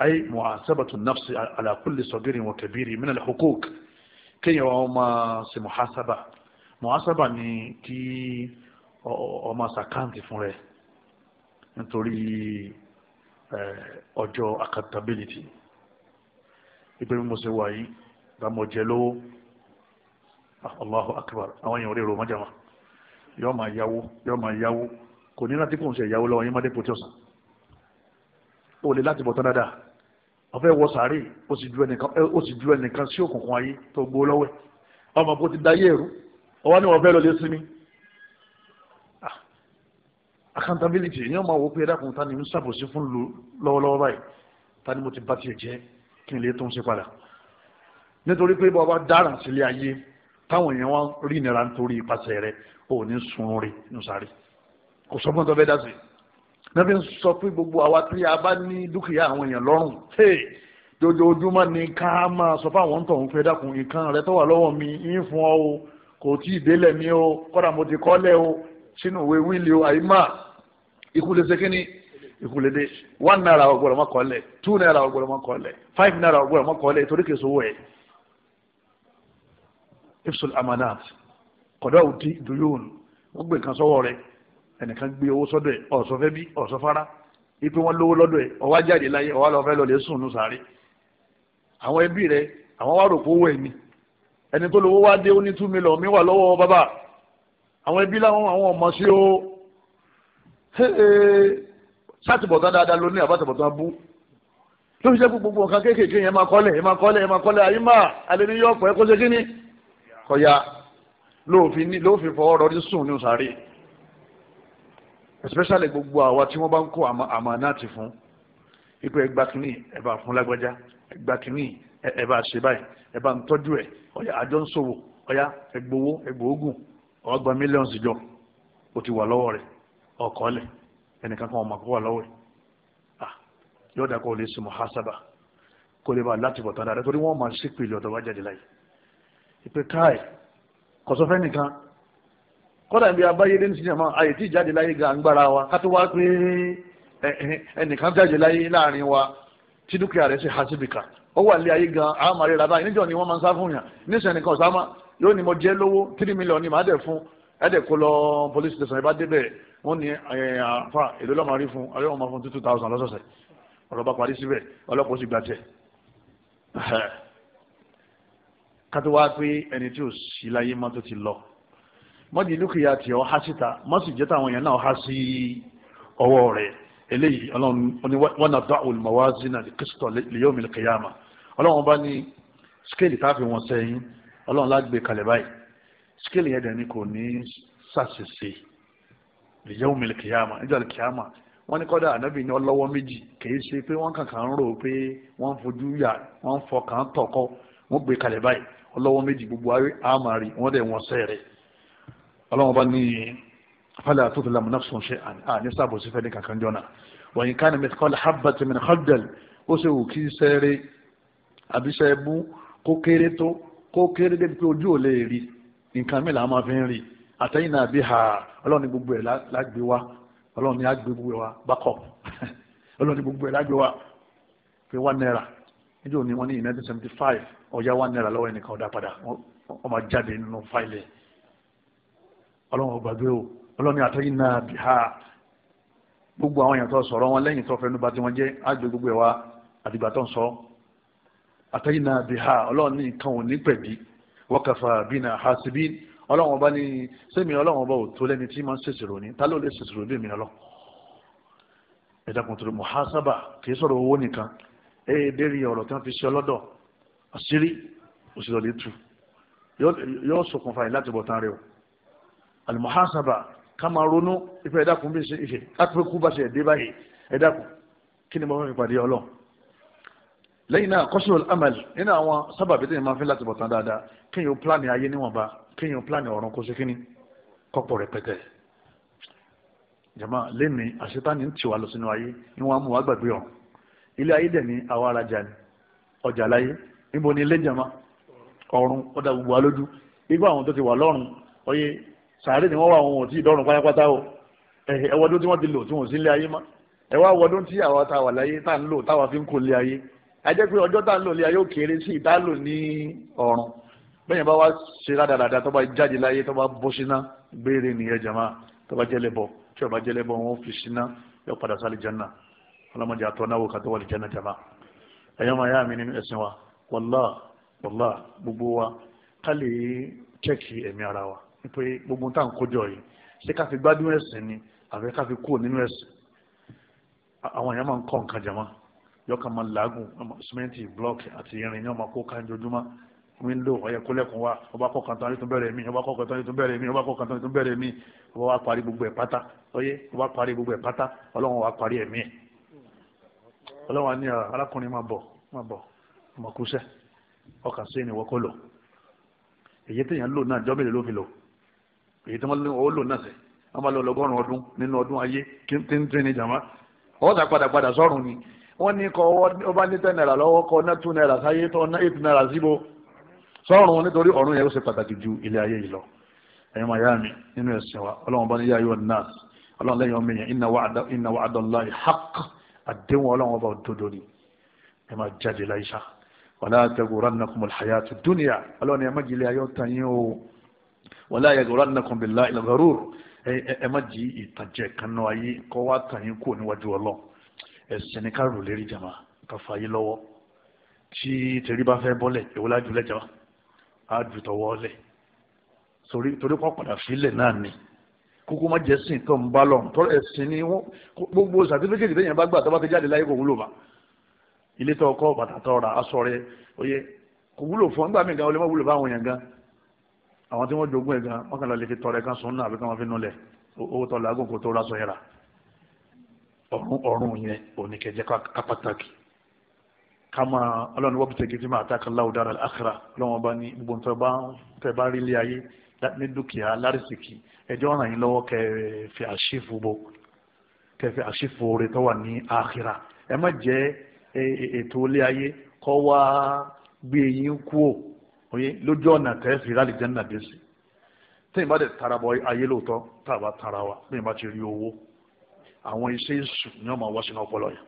ay muhasabatu nafsi ala kulli sọgiri wa kabiri wọn máa ṣe nítorí Eh, ọjọ́ accountability ìpè bí mo ṣe wà yìí bá mo jẹ lówó ah, Allahu akbar àwọn èèyàn rèrò mọ́jà wọn ma máa yáwó máa yáwó kò ní láti kóun ṣe ìyáwó lọ́wọ́ yín má dé pòtí ọ̀sán o lè láti bọ̀ tán dáadáa ọ̀fẹ́ wọ sàárè eh, ó sì ju ẹnìkan sí òkùnkùn ayé tó gbó lọ́wọ́ ọmọ bó ti ni wọ́n fẹ́ lọ lé accountability èèyàn máa wò pé ẹ̀dàkùn ta ni mo ń ṣàbòsí fún lu lọ́wọ́lọ́wọ́ báyìí ta ni mo ti bá tiẹ̀ jẹ́ kí n lè tó ń ṣe padà nítorí pé bọ́ bá dáràn sílé ayé táwọn èèyàn wá rí ìnira nítorí ipasẹ̀ rẹ ò ní sun rí nù sáré kò sọ́gbọ́n tó fẹ́ dá sí náà fi ń sọ pé gbogbo àwa tí a bá ní dúkìá àwọn èèyàn lọ́rùn dojoojúmọ́ ni ká máa sọ fáwọn tó ń fẹ́ dákun nǹkan rẹ tó lọ́wọ́ mi ń fún ọ o kò tí ì délẹ̀ mi o kọ́dà mo ti kọ́lẹ̀ o sínú ìwé wíìlì o àyímá ikú lè ṣe kí one naira ọgbọ̀rọ̀ mọ́ two naira ọgbọ̀rọ̀ mọ́ five naira ọgbọ̀rọ̀ mọ́ kọ́ lẹ̀ torí kì í sowó ẹ̀. ifsul amanat kọ̀dọ̀ òdi duyún wọ́n gbé nǹkan sọ́wọ́ rẹ̀ ẹnìkan gbé owó sọ́dọ̀ ẹ̀ ọ̀sọ́ fẹ́ bí ọ̀sọ́ fara ipe wọn lówó lọ́dọ̀ ẹ̀ ọwá jáde láyé ọwá lọ fẹ́ sùn nù sáré àwọn ẹbí rẹ̀ àwọn wá rò kówó ẹ̀mí ẹni tó lówó wá dé ó ní two million mi wà lọ́wọ́ bàbá àwọn ẹbí láwọn àwọn ọmọ sí ó sátìbọ̀tán dáadáa ló ní àbátìbọ̀tán bú ló fi jẹ́ pé gbogbo nǹkan kéékèèké yẹn máa kọ́lẹ̀ yẹn máa kọ́lẹ̀ yẹn máa kọ́lẹ̀ ayé máa alẹ́ ní yọ̀pọ̀ ẹ kó ṣe kíní kọ̀yà lóòfin fọ ọ̀rọ̀ rí sùn ní sàárè especially gbogbo àwa tí wọ́n bá ń kó àmà náà ti fún ipò ẹgbà kìíní ẹ̀bà fún lágbájá ẹgbà kìíní ẹ̀bà ṣe báyìí ẹ̀bà ń tọ́jú ẹ̀ ọ̀yà àjọ ń ṣòwò ọ̀yà ẹgbowó ẹgbòógùn ọ̀gbà mílíọ̀nù jọ ó ti wà lọ́wọ́ rẹ̀ ọkọ ẹnìkan kan ọmọ wà ah, yóò dà kó o lè sùn mọ hasaba kó lè bá láti bọ̀ tán dáadáa torí wọ́n máa ṣe pèlè ọ̀dọ̀ jáde láyé ìpè kọ̀sọ́fẹ́ nìkan kọ́dà abáyédé ní sinimá tí wa wá pé ẹnìkan jáde láyé láàrin wa tí dúkìá rẹ̀ ṣe hasibika ó wà lé ayé gan àmàlẹ́ rà ni wọ́n máa ń sá fún yàn níṣẹ́ nìkan ọ̀sá má yóò ní mo jẹ́ lówó ẹ̀ẹ́dẹ̀ kó lọ police station ìbá débẹ̀ wọ́n ní àfa èlò lọ́mọ rí fún ọlọ́wọ́ fún two thousand lọ́sọ̀ọ̀sẹ̀ ọ̀rọ̀ bá parí síbẹ̀ ọlọ́pàá sì gbà tẹ̀ kátó wá pé ẹni tí ò sí láyé má tó ti lọ mọ́jì dúkìá tí ọ há síta má sì jẹ́ táwọn èèyàn náà há sí ọwọ́ rẹ̀ eléyìí ọlọ́run wọn náà dáhùn olùmọ̀wázínà kìsítọ̀ lèyọ́ mi kìyàmà ọlọ́run bá ní skéèlì táàfin wọn sẹ́yìn ọlọ́run lágbè kalẹ̀ báyìí skeli yẹn dẹni kò ní sàṣìṣe ìyẹ́wò mi kìyàmà níjọ́ kìyàmà wọ́n ní kọ́dà ànábì ní ọlọ́wọ́ méjì kìí ṣe pé wọ́n kankan ń rò pé wọ́n fojú yà wọ́n fọkàn tọ̀kọ́ wọ́n gbé kalẹ̀ báyìí ọlọ́wọ́ méjì gbogbo àmàrí wọ́n dẹ̀ wọ́n sẹ́rẹ̀ ọlọ́wọ́n bá ní fala tudlamu nafsun shay'an à ní sábò sí fẹ́ ní kankan jọ́nà wa in kana mithqala habbatin min khardal ó ṣe wù kí sẹ́rẹ̀ àbíṣẹ́ bú kó kéré tó kó kéré débi pé ojú ò lè rí nǹkan mìíràn máa fi ń rí àtẹ̀yìn náà bí ha ọlọ́run ní gbogbo ẹ̀ lágbè wá ọlọ́run ní àgbè gbogbo wa bákọ̀ ọlọ́run ní gbogbo ẹ̀ lágbè wá pé one naira níjọ́ ni wọ́n ní nineteen seventy five ọ̀yá one naira lọ́wọ́ ẹnìkan ọ̀dà padà wọ́n máa jáde nínú fáìlì ọlọ́run ò gbàgbé o ọlọ́run ní àtẹ̀yìn náà bí ha gbogbo àwọn èèyàn tó sọ̀rọ̀ wọn lẹ́yìn tó fẹnu bà tí wakafa bina hasibin ọlọ́run ọba ní sẹ́mi ọlọ́run ọba ò tó lẹ́ni tí máa ń ṣèṣirò ní ta ló lè ṣèṣirò bí mi ọlọ́ ẹ̀dàkùn tó lè muhasaba kì í sọ̀rọ̀ owó nìkan ẹ̀ẹ́dẹ́rì ọ̀rọ̀ tí wọ́n fi ṣe ọlọ́dọ̀ àṣírí òṣìṣẹ́ lè tu yóò ṣokùnfà yìí láti bọ̀ tán rẹ o alimuhasaba ká máa ronú ìfẹ́ ẹ̀dàkùn bí ṣe ìṣe láti fẹ́ kú bá ṣe ẹ̀dẹ́ báyìí ẹ̀dàkùn kí ni mo fẹ́ fi pàdé ọlọ́run lẹ́yìn náà kọ́sùrù amal nínú àwọn sábàbí tí yẹn máa fi láti bọ̀ tán dáadáa kéèyàn pílánì ayé níwọ̀nba kéèyàn pílánì ọ̀run kó sí kínní kọ́pọ̀ rẹpẹtẹ. jama lẹ́ni àṣetánì ń tiwa lọ sínú ayé ni wọ́n á mú wa gbàgbé ọ̀run ilé ayé dẹ̀ ní àwa arajà ni ọjà láyé níbo ni ilé jama ọ̀run ọ̀dà gbogbo wa lójú igbó àwọn tó ti wà lọ́run ọyẹ sàárè ni wọ́n wà wọn ò tí ì dọ́run pátápátá o ẹ̀wọ́dún tí wọ́n ti lò tí wọ́n ò sí ilé ayé mọ́ a jẹ́ pé ọjọ́ tá ń lò lé ayé òkèèrè sí ìta lò ní ọ̀run bẹ́ẹ̀ bá wá ṣe rádaràda tó bá jáde láyé tó bá bó síná béèrè nìyẹn jama tó bá jẹ́lẹ̀ bọ̀ tí ó bá jẹ́lẹ̀ bọ̀ wọ́n fi síná yọ padà sálì jẹ́nà ọlọ́mọdé àtọ́ náwó ká tó wà lè jẹ́nà jama ẹ̀yọ́ máa yá mi nínú ẹ̀sìn wa wàlá wàlá gbogbo wa ká lè chẹ́kì ẹ̀mí ara wa pé gbogbo tá à ń kójọ yìí ṣé ká fi gbádùn ẹ̀sìn ni àbẹ́ ká fi kúrò nínú ẹ̀sìn àwọn èèyàn máa ń kọ́ nǹkan jama yọkàn máa làágùn simenti blọọkì àti irin ní ọmọ kó kánjojúmọ́ windo ọyẹ kólẹ̀kùn wa ọba kọ̀ọ̀kan tán tó bẹ̀rẹ̀ mi ọba kọ̀ọ̀kan tán tó bẹ̀rẹ̀ mi ọba kọ̀ọ̀kan tán tó bẹ̀rẹ̀ mi ọba wa parí gbogbo ẹ̀ pátá ọyẹ ọba parí gbogbo ẹ̀ pátá ọlọ́run wa parí ẹ̀mí ẹ̀ ọlọ́run àní arákùnrin máa bọ̀ máa bọ̀ ọmọkúṣẹ́ ọkàn sí ni wọ́kọ́ lò èyí téèyàn lò náà jọ́mìlì ló fi lò èyí tí wọ́n lò náà sẹ́ wọ́n bá lọ lọ́gọ́rùn-ún ọdún nínú ọdún ayé wọ́n ní kọ́ ọ bá ní ten naira lọ́wọ́ kọ́ ná two naira sáyé tó ná eight naira síbo sọ́run nítorí ọ̀run yẹn ó ṣe pàtàkì ju ilé ayé yìí lọ ẹ̀yin màá yá mi nínú ẹ̀sìn wa ọlọ́run bá ní yáyọ nas ọlọ́run lẹ́yìn ọmọ yẹn inna wa'dallahi haqq àdéhùn ọlọ́run ọba òdodo ni ẹ máa jáde láìsá wala tagurannakum alhayatu dunya ọlọ́run ẹ má jí ilé ayé ọ̀tàn yín o wala yagurannakum billahi algharur ẹ má jí ìtàjẹ̀ kanú ayé kọ́ wá tàn kú níwájú ọlọ́run ẹ̀sìn ní káàrò lérí jama ká fàyè lọ́wọ́ tí tèrí bá fẹ́ bọ́lẹ̀ èwo lájú lẹ́jọ́ á ju tọwọ́ lẹ̀ torí torí kọ́ padà sílẹ̀ náà ni kókó má jẹ́ sìn tó ń bá lọ tọ́lọ̀ ẹ̀sìn ni wọ́n gbogbo sàtífíkẹ́tì tẹ̀yìn bá gbà tó bá ti jáde láyé kò wúlò bá ilé tó kọ́ bàtà tó ra aṣọ rẹ oyè kò wúlò fún nígbà míì gan olè má wúlò bá àwọn yẹn gan àwọn tí wọ́n jogún ẹ̀ gan wọ́n kàn lọ lè fi tọrẹ kan sùn náà àbí kan wọ́n fi nulẹ̀ owó tọ́ làágùn kò tó ra sọ yẹn rà ọ̀run ọ̀run yẹn oníkẹjẹ kápátákì kama ọlọ́run wọ́pẹ́ tẹ̀gẹ́ tí máa tàkà láwùdára àkàrà ọlọ́run bá ní gbogbo tẹ bá rí ilé ayé ní dúkìá lárísìkì ẹjọ́ ràn yín lọ́wọ́ kẹfẹ́ àṣìfò bò kẹfẹ́ àṣìfò rẹ tó wà ní àkàrà ẹ má jẹ́ ètò ilé ayé kọ́ wá gbé yín kú ò lójú ọ̀nà tẹ́sí rálì jẹ́ nàdẹ́sì tẹ́yìn bá dẹ̀ tarabọ ayé lóòótọ́ tàbá tarawa tẹ́yìn bá ti rí owó àwọn iṣẹ́ èṣù ni wọ́n máa wọ́ sínú ọpọlọ yẹn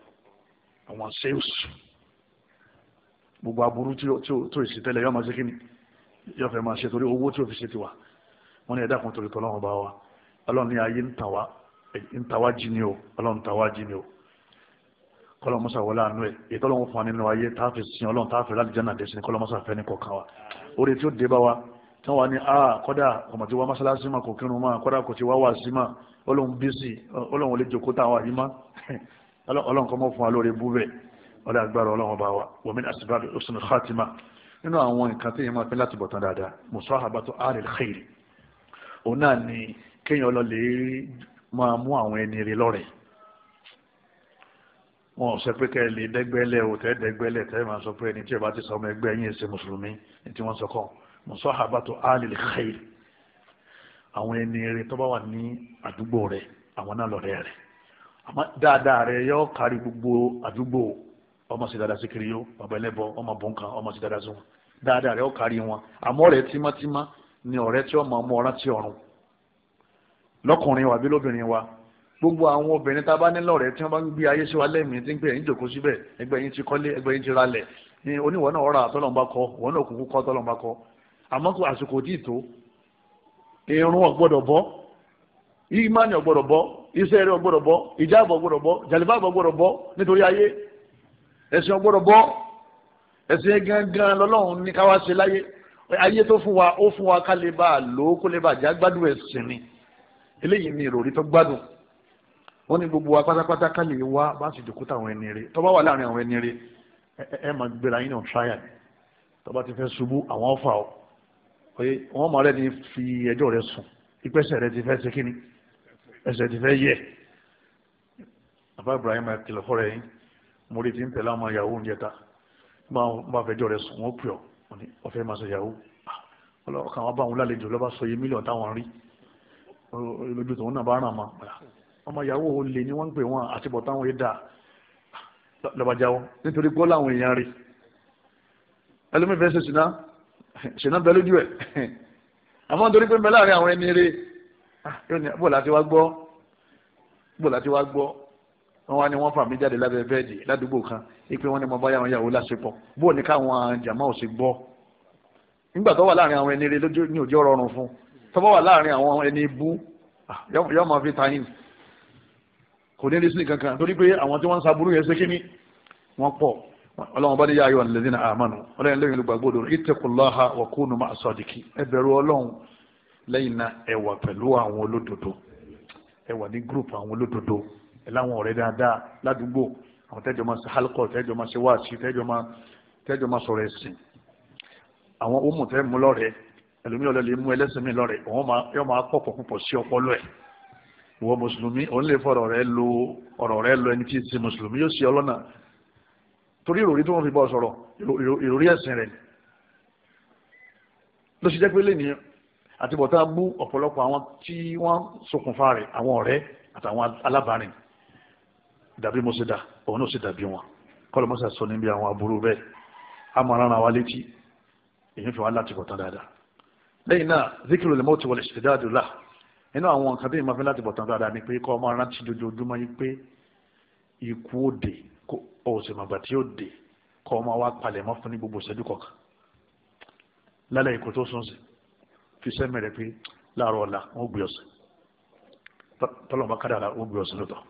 àwọn iṣẹ́ èṣù gbogbo aburú tó èsì tẹ́lẹ̀ yọ́ máa ṣe kíni yọ́ fẹ́ máa ṣe torí owó tí ò fi ṣe ti wà wọ́n ní ẹ̀dá kan torí tọ́lọ́run bá wa ọlọ́run ní ayé ń jí ni o ọlọ́run tàwa jí ni o kọlọmọsà wọlé àánú ẹ ètò ọlọ́run fún wa nínú ayé táàfin sin ọlọ́run táàfin láti jẹ́ nàdẹ́sìn kọlọmọsà fẹ́ ní kọ̀ọ̀kan wa orí tí ó dé bá wa tán wà ní a ah, kọ́dà ọmọ tí wá mọ́sálásí mà kò kírun mà kọ́dà kò ti wá wà sí mà ọlọ́run bísí ọlọ́run olè jòkó táwọn àyí má ọlọ́run kọ́ mọ́ fún wa lórí búbẹ̀ ọlọ́run agbára ọlọ́run bá wa wa min asbab husn khatima nínú àwọn nǹkan tí yẹn máa pín láti bọ̀ tán dáadáa musahabatu alil khair òun náà ni kéèyàn wọn ò sọ pé kẹ́ lè dẹ́gbẹ́lẹ̀ ò tẹ́ dẹ́gbẹ́lẹ̀ tẹ́ máa sọ pé ẹni tí ẹ bá ti sọ ọmọ ẹgbẹ́ yín ṣe mùsùlùmí ní tí wọ́n sọ kàn musahabatu alil khair àwọn ẹni rẹ tó bá wà ní àdúgbò rẹ àwọn náà lọ́rẹ́ rẹ àmọ́ dáadáa rẹ yọ kárí gbogbo àdúgbò ọmọ sí dáadáa sí kiri yó bàbá ẹlẹ́bọ ọmọ bọ̀ǹkan ọmọ sí dáadáa sí wọn dáadáa rẹ yọ kárí wọn àmọ́ rẹ tímátímá ni ọ̀rẹ́ tí ọmọ ọmọ ọ̀rá tí ọ̀run lọ́kùnrin wa bí lóbìnrin wa gbogbo àwọn obìnrin tá a bá nílò rẹ tí wọ́n bá ń gbé ayé sí wa lẹ́mìí tí ń pè é ń jòkó síbẹ̀ ẹgbẹ́ yín ti kọ́lé ẹgbẹ́ yín ti ralẹ̀ ni oníwọ̀n náà ọ̀rà tọ́lọ́mbà kọ náà kúkú kọ́ tọ́lọ́mbà àmọ́ kò àsìkò tí ì tó irun ọ̀gbọ́dọ̀ bọ́ ìmánì ọ̀gbọ́dọ̀ bọ́ iṣẹ́ rẹ̀ ọ̀gbọ́dọ̀ bọ́ ìjáàbọ̀ ọ̀gbọ́dọ̀ bọ́ jàlíbàbọ̀ ọ̀gbọ́dọ̀ bọ́ nítorí ayé ẹ̀sìn ọ̀gbọ́dọ̀ bọ́ ẹ̀sìn gangan lọ́lọ́run ní káwá ṣe láyé ayé tó fún wa ó fún wa ká lè bá a lò ó kó lè bá a já gbádùn ẹ̀sìn ni eléyìí ni ìròrí tó gbádùn wọ́n ní gbogbo wa pátápátá ká lè wá bá sì dòkú táwọn ẹni rẹ̀ tó bá wà láàrin àwọn ẹni rẹ̀ ẹ ẹ máa gbéra yín náà ṣáyà ni bá ti fẹ́ ṣubú àwọn ọ̀fà ọ̀ oye wọn mọ rẹ ní fi ẹjọ́ rẹ sùn ìpẹsẹ rẹ ti fẹ́ ṣe kíni ẹsẹ ti fẹ́ yẹ bàbá Ibrahim kìlọ̀ fọlẹ yín mo rí ti ń tẹ̀lé àwọn yahoo ń jẹta n bá fẹjọ́ rẹ sùn wọn pè ọ ní ọfẹ máa ṣe yahoo ah, ọlọ́kàn wọn bá wọn lálejò lọ́ba sọ iye mílíọ̀nù táwọn rí lójú tòun náà bá ràn mọ́ ọmọ yahoo ò lè ní wọ́n ń pè wọ́n àtibọ̀ táwọn yé dáa ah, lọ́ba jáwọ́ nítorí gbọ́ làwọn èèyàn rí ẹlòmíì fẹ́ ṣe sí náà. ṣìnà bẹ lójú ẹ̀ àmọ́ nítorí pé ń bẹ láàrin àwọn ẹni eré ah, bó láti wá gbọ́ bó láti wá gbọ́ wọ́n wá ní wọ́n fà mí jáde lábẹ́ bẹ́ẹ̀dì ládùúgbò kan ipe wọ́n ní mo bá yà wọn yàwó láṣepọ̀ bó ní káwọn jàmá ò sì gbọ́ nígbà tó wà láàrin àwọn ẹni eré lójú ní òjò rọrùn fún tó bá wà láàrin àwọn ẹni ibú ah, yọ máa fi tayin kò ní rí sí kankan torí pé àwọn tí wọ́n ń sa burú yẹn ṣe kíní wọ́n pọ̀ ọlọ́run bá ní yá ayọ̀ na amanu ọlọ́run lẹ́yìn olùgbàgbọ́ òdòdó ittaqullaha wa kunu ma'a sadiqin ẹ bẹ̀rù ọlọ́run lẹ́yìn náà ẹ pẹ̀lú àwọn olódodo ẹ wà ní gúrùpù àwọn olódodo ẹ ọ̀rẹ́ dáadáa ládùúgbò àwọn tẹ́jọ́ máa ṣe tẹ́jọ́ máa ṣe wáàsí tẹ́jọ́ máa sọ̀rọ̀ ẹ̀sìn torí ìròrí tí wọ́n fi bọ́ sọ̀rọ̀ ìròrí ẹ̀sìn rẹ̀ ló ṣe jẹ́ pé lè ní àtibọ̀tá bú ọ̀pọ̀lọpọ̀ àwọn tí wọ́n ṣokùnfà rẹ̀ àwọn ọ̀rẹ́ àtàwọn alábàárìn dàbí mo ṣe dà òun náà ṣe dàbí wọn kọ́lọ̀ mọ́ṣà sọ níbi àwọn aburú bẹ́ẹ̀ a máa rán wa létí èyí fi wá láti bọ̀tán dáadáa lẹ́yìn náà zikiru lè mọ́tò wọlé ṣẹ̀dá àdúrà nínú àwọn nǹkan tí ìmọ̀ fi láti bọ̀tán dáadáa ni pé kọ́ máa rántí dojoojúmọ́ yín pé ikú òde kó òsè màgbà tí yóò dé kọ́ ọmọ wa palẹ̀ mọ́ fún ní gbogbo ìṣẹ́jú kọ̀ọ̀kan lálẹ́ ikú tó sún sí fi sẹ́mi rẹ̀ pé láàárọ̀ ọ̀la wọ́n gbé ọ̀sẹ̀ tọ́lọ́mọba kádàrà wọ́n gbé ọ̀sẹ̀ lọ́tọ̀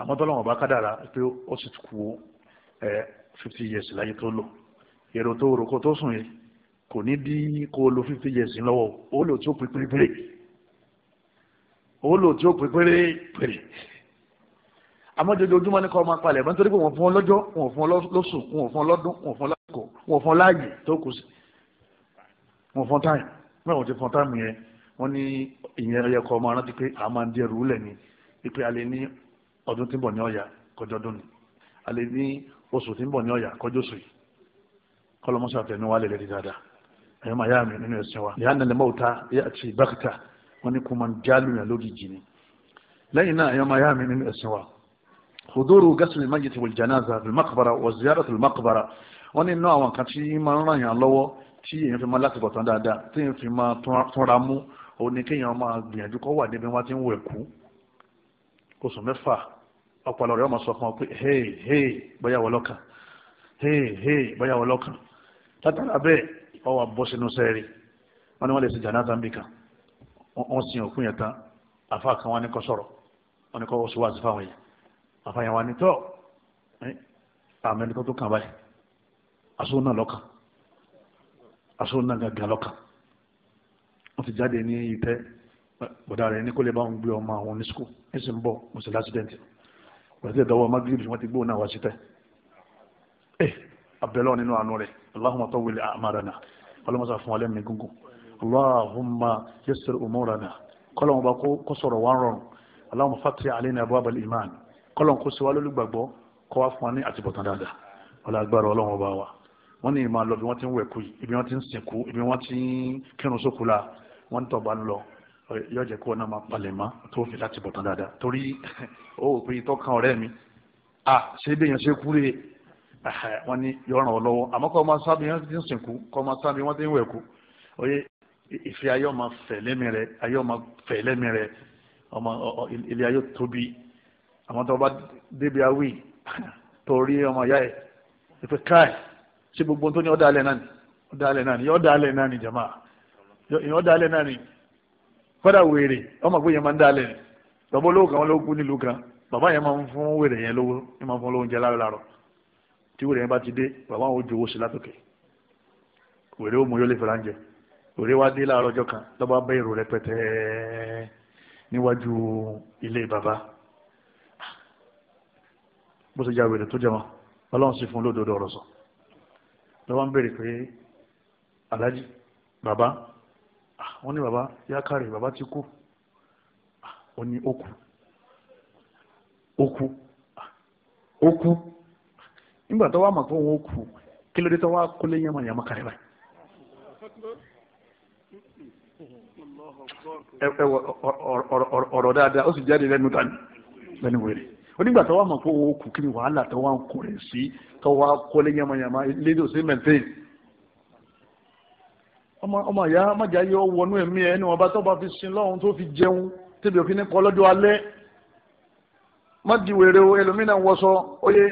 àmọ́ tọ́lọ́mọba kádàrà pé ó sì kú ẹ fifty years láyé tó lò èrò tó rò kó tó sùn yìí kò ní bí kó o lo fifty years lọ́wọ́ ó lò tí ó pè pérépéré ó lò tí ó pè pérépéré àmọ́ jojoojúmọ́ ní kọ́ ọmọ apalẹ̀ mọ́ nítorí pé wọ́n fún ọ lọ́jọ́ wọ́n fún ọ lóṣù wọ́n fún ọ lọ́dún wọ́n fún ọ lásìkò wọ́n fún ọ láàyè tó kù sí wọ́n fún táìmù mẹ́wọ̀n ti fún táìmù yẹn wọ́n ní ìyẹn ẹ̀yẹ kọ́ ọmọ arántí pé a máa ń di ẹrù lẹ̀ ni pípé a lè ní ọdún tí ń bọ̀ ní ọ̀yà kọjọ́ ọdún ni a lè ní oṣù tí ń bọ̀ ní ọ̀yà kọjọ́ oṣù yìí kọlọmọsọ àfẹnú wa lẹlẹ dáadáa ẹyọ màá yá mi nínú ẹsẹ wa ìyá nílẹ mọta ìyá àti bákítà wọn ni kò máa ń jálù yàn lójijì ni lẹ́yìn náà ẹyọ màá yá mi nínú ẹsẹ wa huduru ghasl al-mayyit wal janaza fil maqbara wa ziyarat al-maqbara wọ́n ní inú àwọn kan tí máa ń ràn yàn lọ́wọ́ tí èèyàn fi máa láti bọ̀ tán dáadáa tí èèyàn fi máa túnra mú ó ní kéèyàn máa gbìyànjú kọ́ wà níbi wọn ti ń wẹ̀ kú oṣù mẹ́fà ọpọlọ rẹ̀ ọmọ sọ fún ọ pé hey hey bóyá wọ lọ́kàn hey hey bóyá wọ lọ́kàn látara bẹ́ẹ̀ ọ wà bọ́ sínú sẹ́ẹ̀rì wọ́n ní wọ́n lè ṣe jàǹdà tán bì kan wọ́n sin òkú yẹn tán àfa kan wọn ní kọ́ sọ̀rọ̀ wọ́n ní kọ́ wọ́n sì wá sí fáwọn yẹn àfàyàwà ni tọ́ àmì ẹni tó tó kàn báyìí aṣọ náà lọ́kàn aṣọ náà gàgà lọ́kàn wọ́n ti jáde ní ìtẹ́ bọ̀dá rẹ̀ ní kó lè bá wọn gbé ọmọ àwọn ní skul ní sì ń bọ̀ mo sì lásìdẹ́ǹtì wọ́n ti dọ̀wọ́ magrib wọ́n ti gbóhùn náà wá sí tẹ́ ẹ eh, abẹ́lọ́ nínú àánú rẹ̀ Allahumma tawwil a'malana ọlọ́mọsá fún wa lẹ́mìí gúngùn Allahumma yassir umurana kọ́lọ́mọba kó sọ̀rọ̀ wá rọrùn Allahumma fatih alaina abwab al-iman kọ́lọ́n kó sọ wá lólùgbàgbọ́ kọ́ wá fún wa ní àtibọ̀tán dáadáa ọlá agbára ọlọ́run ọba wa wọ́n ní ìmọ̀ lọ bí wọ́n ti ń wẹ̀kú ibi wọ́n ti ń sìnkú ibi wọ́n ti ń kírun sókú la wọ́n ń tọ́ba ń lọ yóò jẹ́ kó náà máa palẹ̀ mọ́ tó fi láti bọ̀tán dáadáa torí ó wò pé ìtọ́kàn ọ̀rẹ́ mi à ṣé bẹ́yẹn ṣe kú rèé wọ́n ní yọ ràn ọ́ lọ́wọ́ àmọ́ máa sábì wọ́n ti ń sìnkú kọ́ máa sábì wọ́n ti ń wẹ̀kú oyè ìfẹ́ ayọ́ máa fẹ̀ lẹ́mi rẹ̀ ayọ́ máa fẹ̀ lẹ́mi rẹ̀ ọmọ ilé ayọ́ tóbi àwọn tó bá débi awí torí ọmọ ìyá ẹ̀ ìpè káì ṣe gbogbo tó ní ọ̀dà alẹ́ náà ni ọ̀dà alẹ́ náà ni ọ̀dà alẹ́ náà ni jama ọ̀dà alẹ́ náà ni kọ́dà wèrè ọmọ ìgbé máa ń dá alẹ́ ni bàbá olówó kan wọn ló kú nílùú kan bàbá yẹn máa ń fún wèrè yẹn lówó yẹn máa ń fún lówó oúnjẹ láàrọ̀ láàrọ̀ tí wèrè yẹn bá ti dé bàbá wọn ò jowó sí látòkè wèrè ó mú yọlé fẹ́ràn jẹ wèrè wá dé láàrọ̀ ọjọ́ kan lọ́ba ilé bàbá bó ṣe ya wèrè tó jẹ wọn ọlọ́run sì fún lódodo ọ̀rọ̀ sọ lọ́wọ́ ń béèrè pé aláàjì bàbá ah, wọ́n ní bàbá bàbá ti kú wọ́n ah, ní ó kú ó ah, nígbà tó wà òun kí ló dé tó wà onígbà tó wà mọ̀ pé òun kù kí ni wàhálà tó wà ń kó rẹ̀ sí tó wà kọ́lé yamayama lédè òsè mẹ́tẹ́ẹ̀ ọmọ ìyá májà yọ wọnú ẹ̀mí ẹ ní wọn bá tó bá fi sin lọ́hún tó fi jẹun tẹ́bi òfin ní kọ́ lọ́jọ́ alẹ́ má di wèrè o ẹlòmínà wọṣọ oyè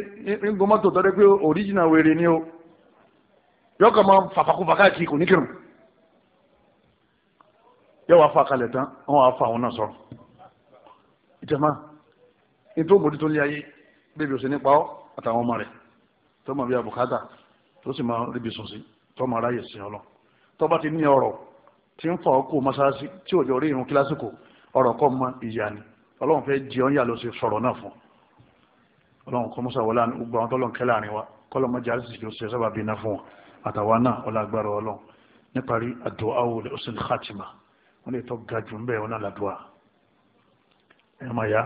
ńgbọ́n mọ́tò tọ́lẹ́ pé òríjìnà wèrè ni o yọkàn máa fàfàkùfà káàkiri kò ní kírun yọ wàá fà kalẹ̀ tán wọn wàá fà ètò òbòdì tó lé ayé bébí òsè nípa ọ àtàwọn ọmọ rẹ tó mọ bí abùkátà tó sì máa ríbi sùn sí tó máa ráyè sí ọlọ tó bá ti ní ọ̀rọ̀ tí ń fà ọ kó mọ́ṣáláṣí tí òjò rí irun kílásìkò ọ̀rọ̀ kọ mọ ìyá ni Ọlọ́run fẹẹ jẹ ọyàn lọ sí sọ̀rọ̀ náà fún Ọlọ́run kọ mọṣá wọlé àni gbogbo àwọn tó lọhùn kẹlẹ àárín wa kọlọ mọ jáde sì ṣe sábà bí iná fún wọn àtàwa náà ọlágbára Ọlọ́run níparí àdúà awolẹ ọsẹ ní khatima wọn lè tọ gajù ń bẹ wọn náà làdùá ẹ máa yá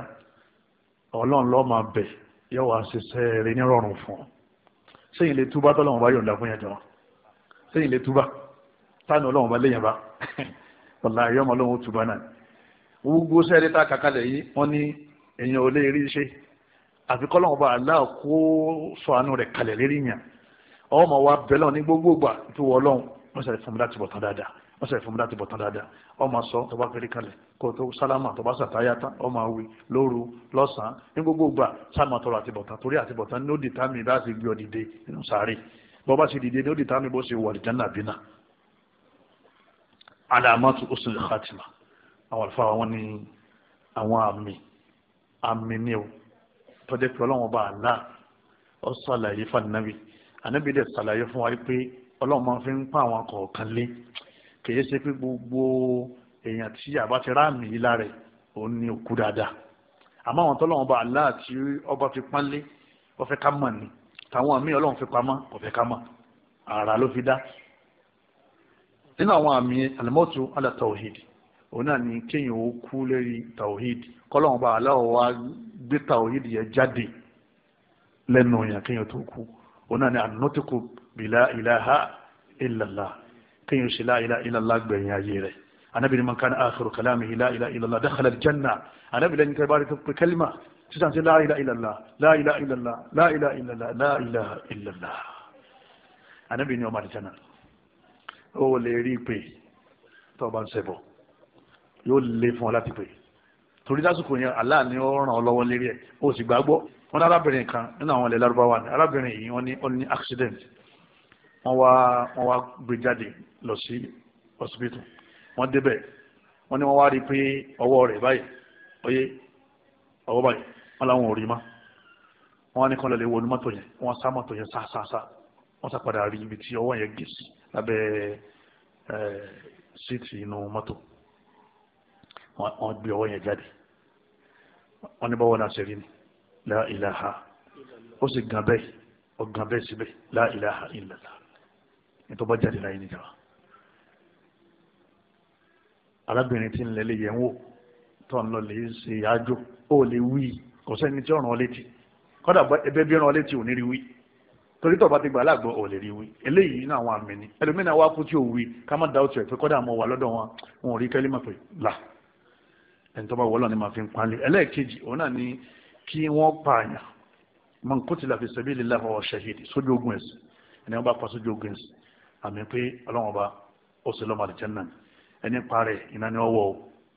ọlọ́run lọ́ọ́ máa bẹ̀ yóò wá ṣiṣẹ́ rẹ nírọ̀rùn fún ọ sẹ́yìn lè túbá tọ́lọ́run bá yọ̀ǹda fún yẹn jọ sẹ́yìn lè túbá táwọn ọlọ́run bá léyìn bá ọ̀la ìyọ́mọ ọlọ́run túbá náà gbogbo sẹ́ẹ̀rẹ́ tá a kàkálẹ̀ yìí wọ́n ní èèyàn ò lè rí iṣẹ́ àfi kọ́lọ́run bá aláà kó sọ àánú rẹ̀ kalẹ̀ lérí yàn ọmọ wa bẹ́lọ̀ ní gbogbo gbà tó wọ ọlọ́run wọ́n ṣàlẹ̀ fún mi láti bọ̀ tán dáadáa wọ́n sẹ̀ fún mi láti bọ̀ tán dáadáa ọmọ sọ tó bá kiri kalẹ̀ kó tó sálámà tó bá sàtáyàtà ọmọ àwì lóru lọ́sàn-án ní gbogbo gbà sáàmà tọrọ àti bọ̀tán torí àti bọ̀tán ní ó di tàmí bá ti gbé ọ dìde nínú sàárè bọ́ bá sì dìde ní ó di tàmí bó ṣe wà lìjẹ́ nàbínà. alamatu usul khatima àwọn àlùfáà wọn ni àwọn àmì àmì ni o tọ́jú pé ọlọ́wọ́n bá àlá ọ sàlàyé fún ànábì ànábì dẹ̀ sàlàyé fún wa pé ọlọ́wọ́n máa fi ń pa àwọn kọ̀ọ̀kan lé kìí ṣe pé gbogbo èèyàn tí àbá ti ráàmì yìí lára òun ni òkú dáadáa àmọ́ àwọn tọ́lọ́wọ́n bá aláà tí ọba fi pánlé wọ́n fẹ́ ká mọ̀ ni tàwọn àmì ọlọ́run fi pamọ́ kò fẹ́ ká mọ̀ àrà ló fi dá nínú àwọn àmì àlùmọ́tò àlà tàwíìdì òun náà ni kéèyàn ó kú lérí tàwíìdì kọ́lọ́wọ́n bá aláà wá gbé tàwíìdì yẹn jáde lẹ́nu yẹn kéèyàn tó kú òun náà ni ànọ́tìkù bìlá ìlàhà ìlàlá kéèyàn ṣe láìlá ìlàlá gbẹ̀yìn ayé rẹ̀ anábìrin man kana akhiru kalamihi la ilaha illallah dakhala aljanna anábìrin kẹ́ bá rí tó pé kẹ́límà sísan sí la ilaha illallah la ilaha illallah la ilaha illallah la ilaha illallah anábìrin ọmọ àdìjánà ó lè rí pé tó bá ń ṣẹbọ yóò lè fún ọ láti pè torí lásìkò yẹn Allah ni ó ràn ọ lọ́wọ́ lérí ẹ̀ ó sì gbàgbọ́ wọn arábìnrin kan nínú àwọn ilẹ̀ wọ́n wá wọ́n wá gbé jáde lọ sí hospital wọ́n débẹ̀ wọ́n ní wọ́n wá rí i pé ọwọ́ rẹ̀ báyìí oyè ọwọ́ báyìí wọ́n làwọn ò rí ma wọ́n wá ní kọ́ lọ́lẹ́ wọnú mọ́tò yẹn wọ́n sá mọ́tò yẹn sáásáásá wọ́n sá padà rí ibi tí ọwọ́ yẹn gé sí lábẹ́ síìtì inú mọ́tò wọ́n gbé ọwọ́ yẹn jáde wọ́n ní bọ́wọ́ náà ṣe rí ni láìláha ó sì gàn bẹ́ẹ̀ ó gàn bẹ́ẹ̀ síbẹ̀ láìláha ìlàlá nítorí bá jáde láyé níjà arábìnrin tí ń lẹ lè yẹ̀ ń wò tó ń lọ lè ṣe àjò ó lè wí kò sẹ́ni tí ọ̀ràn létí kódà ẹbẹ́ bí ọ̀ràn létí ò ní rí wí torí tó bá ti gbà aláàgbọ̀ ò lè rí wí eléyìí nínú àwọn àmì ni ẹlòmínà wá kú tí ò wí ká má da ọtí ẹ̀ pé kódà mo wà lọ́dọ̀ wọn wọn ò rí kẹ́lí mọ̀ pé là ẹni tó bá wọ́lọ́ ni màá fi ń panlé ẹlẹ́ẹ̀kejì òun náà ni kí wọ́n pààyàn man kutila fi sabilillahi wa shahidi àmì pé ọlọ́wọ́n bá ó sì lọ́mọ àlìjẹ́nà ẹni parẹ́ iná ni ọwọ́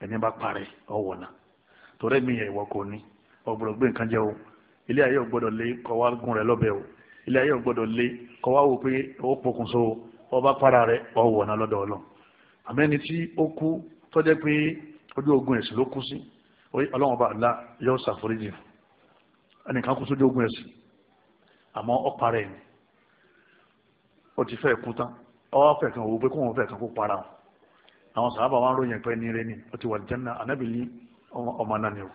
ẹni bá parẹ́ ọwọ́ náà torí mi yẹ ìwọ kò ní ọgbọ́dọ̀ gbé nǹkan jẹ o ilé ayé ọgbọ́dọ̀ lé kọ́wá gún rẹ lọ́bẹ̀ o ilé ayé ọgbọ́dọ̀ lé kọ́wá wò pé ó pokùnso ọba para rẹ ọwọ́ náà lọ́dọ̀ ọlọ́ àmì ẹni tí ó kú tọ́jẹ́ pé ojú ogun ẹ̀sìn ló kú sí ọlọ́wọ́n bá àlá yọ ṣàforíjì ẹnìkan kú sójú ogun ẹ̀sìn àmọ́ ọ parẹ́ ni ó ti fẹ́ kú tán ọwọ́ fẹ́ kan òwò pé kó wọn fẹ́ kan kó para wọn àwọn sàábà wọn ròyìn pé ní ire ni ó ti wà jẹ́nà anábìlí ọmọ náà ni o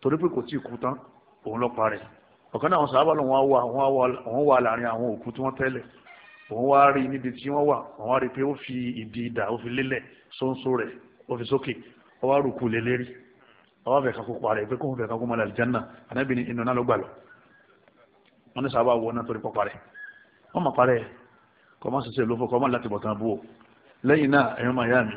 torí pé kò tí ì kú tán òun lọ́ọ́ parẹ́ ọ̀kan náà àwọn sàábà lòun wá òun wà láàrin àwọn òkú tí wọ́n tẹ́lẹ̀ òun wá rí níbi tí wọ́n wà òun wá rí pé ó fi ìdí idà ó fi lélẹ̀ sóńsó rẹ̀ ó fi sókè ó wá rùkú lé ọwọ́ fẹ̀ kan kó parẹ́ pé kóun fẹ̀ kan kó mọ́ lálẹ́ wọ́n mọ̀ parẹ́ kọ́ mọ́ ṣiṣẹ́ lófo kọ́ mọ́ láti bọ̀ tán bú o lẹ́yìn náà ẹ̀yin máa yá mi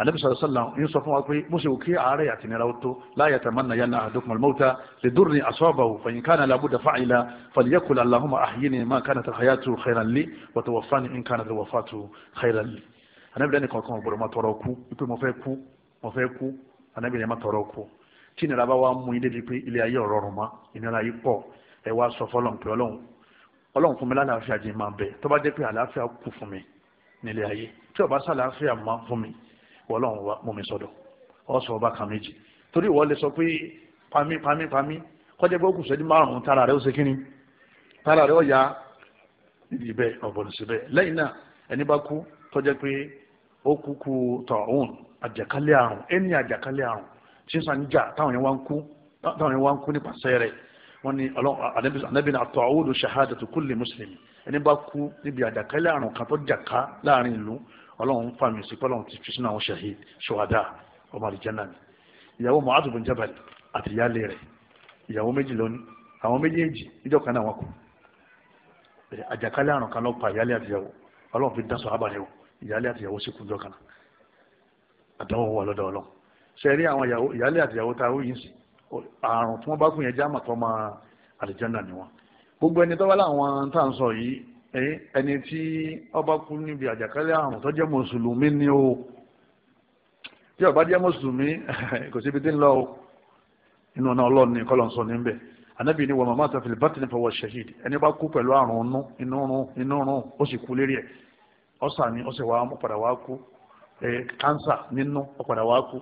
anabi sọ̀rọ̀ sọ̀lá ń sọ fún wa pé mo ṣe òkè ààrẹ àti ìnira ó tó láyà tà máa nàyà náà àdókùnmọ̀ mọ́ta lè dúró ní asọ́ọ̀bà ò fẹ̀yìn kánà làbúdà fáìlà fàlìyẹ́kùn aláhùnmọ̀ àhíyé ni máa kánà tàbí hayatu khairan li wàtò wàfà ní nkánà tàbí wàfà tó khairan li. anabi lẹ́nu kankan gbọ́dọ̀ máa tọrọ kú wípé mo fẹ́ kú mo fẹ́ kú anabi lẹ́nu máa tọrọ kú tí ìnira bá wà mú ilé di pé ilé ayé ọ̀rọ̀ rùn mọ́ ìnira yìí pọ̀ ẹ wá sọ fọlọ́n pé ọlọ́run ọlọ́run fún mi lálàáfíà jẹ́ máa bẹ̀ tó bá jẹ́ pé àlàáfíà kù fún mi nílé ayé tí ọba sàlàáfíà máa fún mi ọlọ́run wa mú mi sọ́dọ̀ ọ̀sọ̀ ọba kan méjì torí ìwọ lè sọ pé pami pami pami kọjá pé ó kù sẹ́dí márùn-ún tára rẹ̀ ó ṣe kíni tára rẹ̀ ó ya níbi bẹ́ẹ̀ ọ̀bọ̀n síbẹ̀ lẹ́yìn náà ẹni bá kú tọ́jẹ́ pé ó kú kú tọ̀hún àjàkálẹ̀ àrùn ẹni àjàkálẹ̀ àrùn sísan jà wọ́n ní anabini atọ́wọ́dù ṣahadatu kulli mùsùlùmí ẹni bá kú níbi àjàkálẹ̀ àrùn kan tó jàká láàrin ìlú ọlọ́run fàmì sí pé ọlọ́run ti fi sínú àwọn ṣahid ṣọ̀hádà ọmọ àlìjánà ni ìyàwó mu'adh bin jabal àti ìyáálé rẹ̀ ìyàwó méjì lónìí àwọn méjèèjì ìjọ kan náà wọn kù àjàkálẹ̀ àrùn kan ló pa ìyáálé àtìyàwó ọlọ́run fi dá sọ̀hábà ni o ìyáálé àtìyàwó sì kú ìjọ kan àdánwò wà lọ́dọ̀ ọlọ́run ṣe rí àwọn ìyáálé àtìyàwó tá a wí yìí àrùn tí wọ́n bá kún yẹn jáàmà tó máa àlìjánà ni wọn gbogbo ẹni tó wá láwọn tá à ń sọ yìí ẹni tí ọba kú níbi àjàkálẹ̀ àrùn tó jẹ́ mùsùlùmí ni o tí ọba jẹ́ mùsùlùmí kò síbi tí ń lọ o inú ọ̀nà ọlọ́ọ̀ni kọ́lọ̀ ń sọ níbẹ̀ anabi ni wa mama ta fili batini fọwọ shahid ẹni bá kú pẹ̀lú àrùn inú inú rún inú rún ó sì kú lérí ẹ̀ ọ̀sà ni ó sì wá padà wá kú ẹ̀ kánsà nínú ó padà wá kú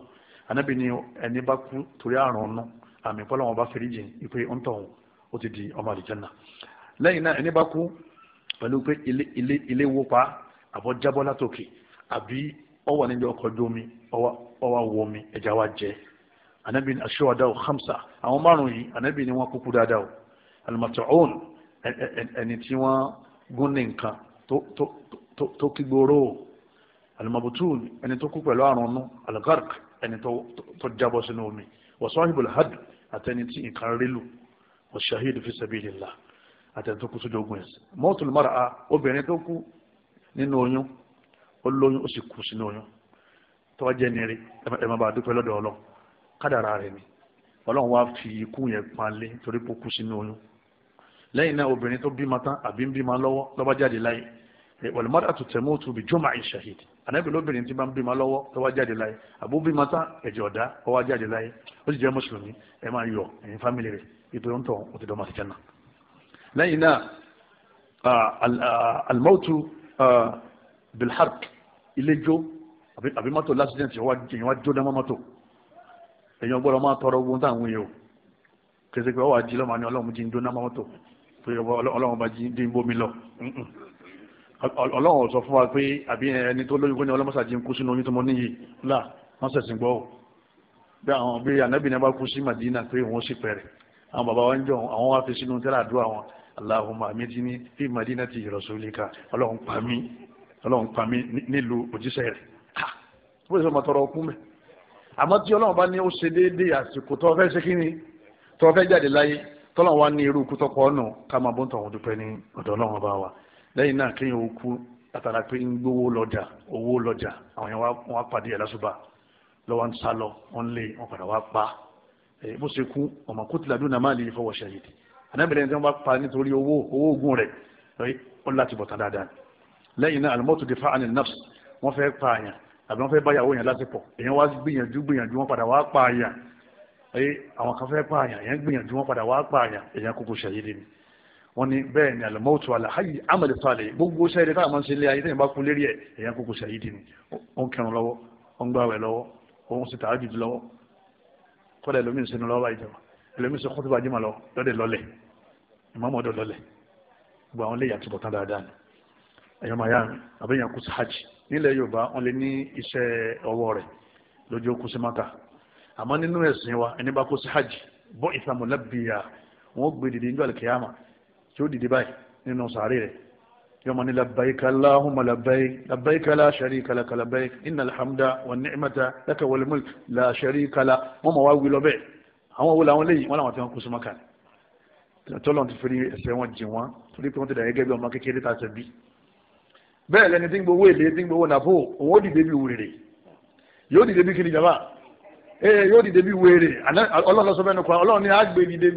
anabi ni ẹni bá kú torí àrùn inú àmì pọ́lọ́wọ́n bá fèrè jìn ìpè ọ̀ntọ̀hún ó ti di ọmọ àlìjánà lẹ́yìn náà ẹni bá kú pẹ̀lú pé ilé ilé ilé wó pa àbọ̀ jábọ́ látòkè àbí ó wà níbi ọkọ̀ ojú omi ó wá wọ omi ẹja wa jẹ anabi ni aṣọ́wádà o hamsa àwọn márùn yìí anabi ni wọ́n kúkú dáadáa alimatoon ẹni tí wọ́n gún ní nǹkan tó kígbóró alimabutun ẹni tó kú pẹ̀lú àrùn nù aligark ẹni tó jábọ́ sínú omi wọ́n sọ́hìbùl hadu àtẹni tí nǹkan rílù ọ̀ṣahid fi sabilillah àtẹni tó kú sójú ogun ẹ̀sìn mọ́tòlù mara a obìnrin tó kú nínú oyún ó lóyún ó sì kú sínú oyún tó wá jẹ́ nírí ẹ má bàa dúpẹ́ lọ́dọ̀ ọlọ́run kádàrá rẹ̀ ni ọlọ́run wá fi ikú yẹn panlé torí pé ó kú sínú oyún lẹ́yìn náà obìnrin tó bímọ tán àbí ń bímọ lọ́wọ́ ló bá jáde láyé wal mar'atu tamutu bi jum'i shahid ànábì lóbìnrin tí bá ń bímọ lọ́wọ́ tó wá jáde láyé àbú bímọ tán ẹ̀jẹ̀ ọ̀dá ó wá jáde láyé ó sì jẹ́ mùsùlùmí ẹ máa yọ ẹ̀yin fámìlì rẹ̀ ipò ń tọ̀ ó ti dọ́ màsí jẹ́nà. lẹ́yìn náà alimọ́tù bilharq ilé-ijó àbí mọ́tò lásìdẹ̀ntì èèyàn wá jó dáná mọ́tò èèyàn gbọ́dọ̀ máa tọrọ ogun táwọn èèyàn kẹsẹ̀ pé ọwọ́ àjí lọ́mọ ọlọ́run sọ fún wa pé àbí ẹni tó lóyún kó ní ọlọ́mọṣà jí ń kú sínú oyún tó mọ níyì là wọ́n ṣẹ̀sìn gbọ́ ò bí àwọn bí ànábì náà bá kú sí Madina pé òun sì pẹ̀rẹ̀ àwọn bàbá wa ń jọ àwọn wa fi sínú tẹ́lẹ̀ àdúrà wọn Allahumma amitini fi madinati rasulika ọlọ́run pa mí ọlọ́run pa mí nílùú òjíṣẹ́ rẹ̀ ha bó ṣe máa tọrọ ọkún mẹ́ àmọ́ tí ọlọ́run bá ní ó ṣe déédéé àsìkò tó fẹ́ ṣe kíni lẹ́yìn náà kéèyàn ó kú látara pé ń gbówó lọ́jà owó lọ́jà àwọn yẹn wá pàdé ẹ̀ lásùbà lọ́wọ́ ń sá lọ wọ́n lé wọn padà wá pa bó ṣe kú ọmọ kó tìládù náà má lè fọwọ́ ṣẹ̀yìn anábìrin tí wọ́n bá pa nítorí owó owó oògùn rẹ̀ ó láti bọ̀ tán dáadáa lẹ́yìn náà alimọ́tò dè fáàní nafs wọ́n fẹ́ pa àyàn àbí wọ́n fẹ́ báyàwó yẹn lásìpọ̀ èèyàn wá gbìyànjú gbìyànjú wọ́n padà wá pa àyàn àwọn kan fẹ́ pa àyàn èèyàn gbìyànjú wọ́n padà wá pa àyàn èèyàn kúkú ṣẹ̀yìn wọ́n ní bẹ́ẹ̀ ni alamọ́tò alahayi amadi falẹ̀ gbogbo sẹ́yìn tá a máa ń ṣe ilé ayé tẹ́yìn bá kú lérí ẹ̀ èèyàn kúkú sẹ́yìn dì ní ó ń kẹrun lọ́wọ́ ó ń gbàwẹ̀ lọ́wọ́ ó ń sita ájùjú lọ́wọ́ kọ́dà ẹlòmíín sinú lọ́wọ́ báyìí jọba ẹlòmíín sinú kọ́tùbà jìmọ̀ lọ lọ́lẹ̀ ìmọ̀mọ́dọ̀ lọ́lẹ̀ gbogbo àwọn léyà tìbọ̀ tán dáadáa ni ẹ̀yọ́ máa yá mi àbẹ̀yàn kú sí hajj wa ẹni bá kú sí hajj bọ́ ìsàmùlẹ́bìyà wọn ó gbé dìde níjọ́ àlùkìyàmà tí ó dìde báyìí nínú sàárè rẹ̀ yọmọ ní labbaik allahumma labbaik labbaik la sharika laka labbaik inna alhamda wa ni'mata laka wal mulk la sharika lak wọ́n mọ̀ wá wí lọ bẹ́ẹ̀ àwọn wo làwọn léyìí wọ́n làwọn ti wọn kú sí maka tọ́lọ́n ti fi ẹsẹ̀ wọn jìn wọn torí pé wọ́n ti dà gẹ́gẹ́ bí ọmọ kékeré tá a ti bí bẹ́ẹ̀ lẹni tí ń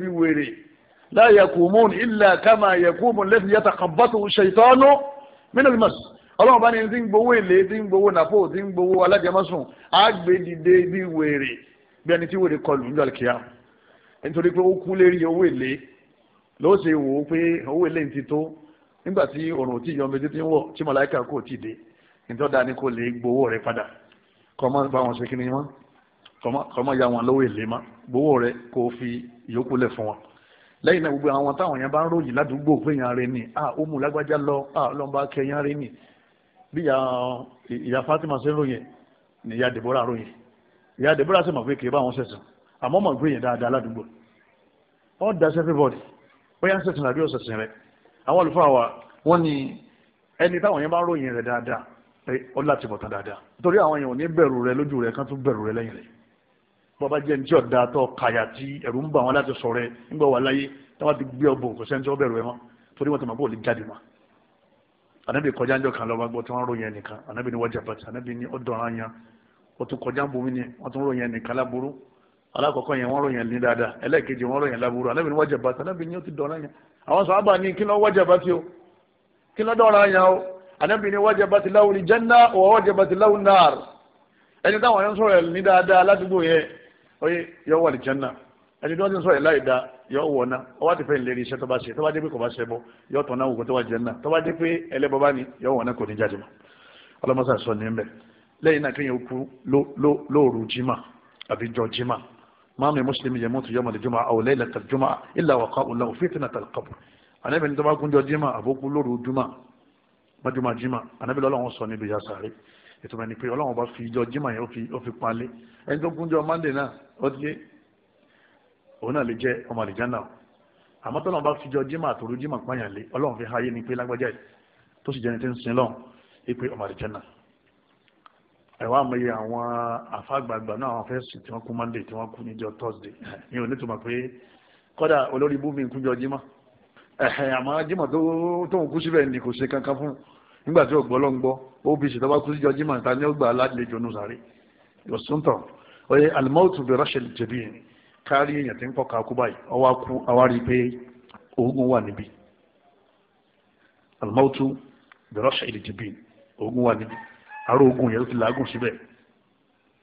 gbowó لا يقومون إلا كما يقوم الذي يتخبطه الشيطان من المس ọlọ́run bá ní ti ń gbowó èlé ti ń gbowó nàpọ̀ ti ń gbowó alájẹmọ́sùn àgbèdìde bí wèrè bí ẹni tí wèrè kọlù ń jọlẹ̀kíá nítorí pé ó kú lérí owó èlé ló ṣe wò ó pé owó èlé ti tó nígbà tí òrùn tí yọ méjì ti ń wọ̀ tí màláìka kò tí dé nítorí dáa ni kò lè gbowó rẹ padà kọ́ bá wọn ṣe kí ni mọ́ kọ́ ya wọn lówó èlé mọ́ gbowó rẹ kò fi ìyókù lẹ̀ fún wọn lẹ́yìn náà gbogbo àwọn táwọn yẹn bá ń ròyìn ládùúgbò pé yẹn rẹ ni a ó mú lágbájá lọ a ọlọ́mọba kẹ yẹn rẹ ni bí ìyá Fatima ṣe ń ròyìn ni ìyá Deborah ròyìn ìyá Deborah sì mọ̀ pé kì í bá wọn ṣẹ̀sìn àmọ́ mọ̀ pé yẹn dáadáa ládùúgbò all that's everybody bóyá ń ṣẹ̀sìn àbí ọ̀ṣẹ̀sìn rẹ àwọn olùfọ́ àwa wọ́n ní ẹni táwọn yẹn bá ń ròyìn rẹ dáadáa ọlá ti bọ̀tán dáadáa torí àwọn yẹn ò ní bẹ̀rù rẹ lójú rẹ kán tún bẹ̀rù rẹ lẹ́yìn rẹ̀ bọ́ba jẹ́ ní tí ọ̀dà tó kàyà tí ẹ̀rù ń bà wọn láti sọ̀rọ̀ ẹ̀ nígbà wà láyé táwọn ti gbé ọbọ̀ kò sẹ́ni tí wọ́n bẹ̀rù ẹ̀ mọ́ torí wọn ti mọ̀ bó lè jáde mọ́ ànábì kọjá ńjọ kan lọ́wọ́ gbọ́ tí wọ́n ròyìn ẹnìkan ànábì ni wọ́jà bàtà ànábì ni ọ̀dọ̀ ara yan tún kọjá bomi ni wọ́n tún ròyìn ẹnìkan láburú alákọ̀ọ́kọ́ yẹn wọ́n ròyìn ní dáadáa ẹlẹ́ẹ̀kejì wọ́n ròyìn láburú ànábì ni wọ́jà bàtà ànábì ni ó ti dọ̀ra yan àwọn sàhábà ni kí ló wọ́jà bàtì o ni wọ́jà bàtì láwùn ní oye yọ wà lìjánná ẹni tí wọ́n ti ń sọ ìlà ìdá yọ wọ̀ ná ọ wá ti fẹ́ ìlérí iṣẹ́ tó bá ṣe tó bá dé pé kò bá ṣe bọ́ yọ tọ̀ náà wògùn tó wà jẹ́nà tó bá dé pé ẹlẹ́bọ bá ní yọ wọ̀ ná kò ní jáde mọ́ ọlọ́mọsá sọ ní bẹ́ẹ̀ lẹ́yìn náà kéèyàn kú lóòrù jimá àbí jọ jimá máàmì mùsùlùmí yẹn mọ́tò yọmọdé jọmọ àwọn lẹ́yìn lẹ́tà jọmọ ilà wà káwọn lọ́wọ́ fìtínà tàlùkọ́bù ànábì ní tó bá kúnjọ jimá àbókú lóòrù jumá májúmá jimá ànábì lọ́lọ́wọ́ sọ níbi yà sáré ètò mẹ́ni pé ọlọ́run bá fi ijọ́ jimá yẹn ó fi palẹ̀ ẹni tó gúnjọ́ mande náà ó ti yé òun náà lè jẹ́ ọmọ àlìjáná o àmọ́ tọ́lọ́ bá fi ijọ́ jimá àtòrú jimá pààyàn lé ọlọ́run fi háyé ni pé lágbájá yìí tó sì jẹni tí ń sin lọ́hùn ipe ọmọ àlìjáná ẹ̀wọ́n àmọye àwọn àfàgbàgbà náà àwọn fẹ́sùn tí wọ́n kú mande tí wọ́n kú níjọ́ Thursday ní onítùmọ̀ pé ni kò ṣe kankan fún nígbà tí ò obc tó bá kú síjọ jimá ta ni ó gbà lálejò nù sáré yọ̀sùntàn oye alimọ́tò bẹ̀rẹ̀ ṣe jẹ̀bi yẹn kárí èèyàn tí ń kọ́ kakú báyìí ọwọ́ akú awárí pé oògùn wà níbí alimọ́tò bẹ̀rẹ̀ ṣe jẹ̀bi yẹn oògùn wà níbí àrò oògùn yẹn ló ti làágùn síbẹ̀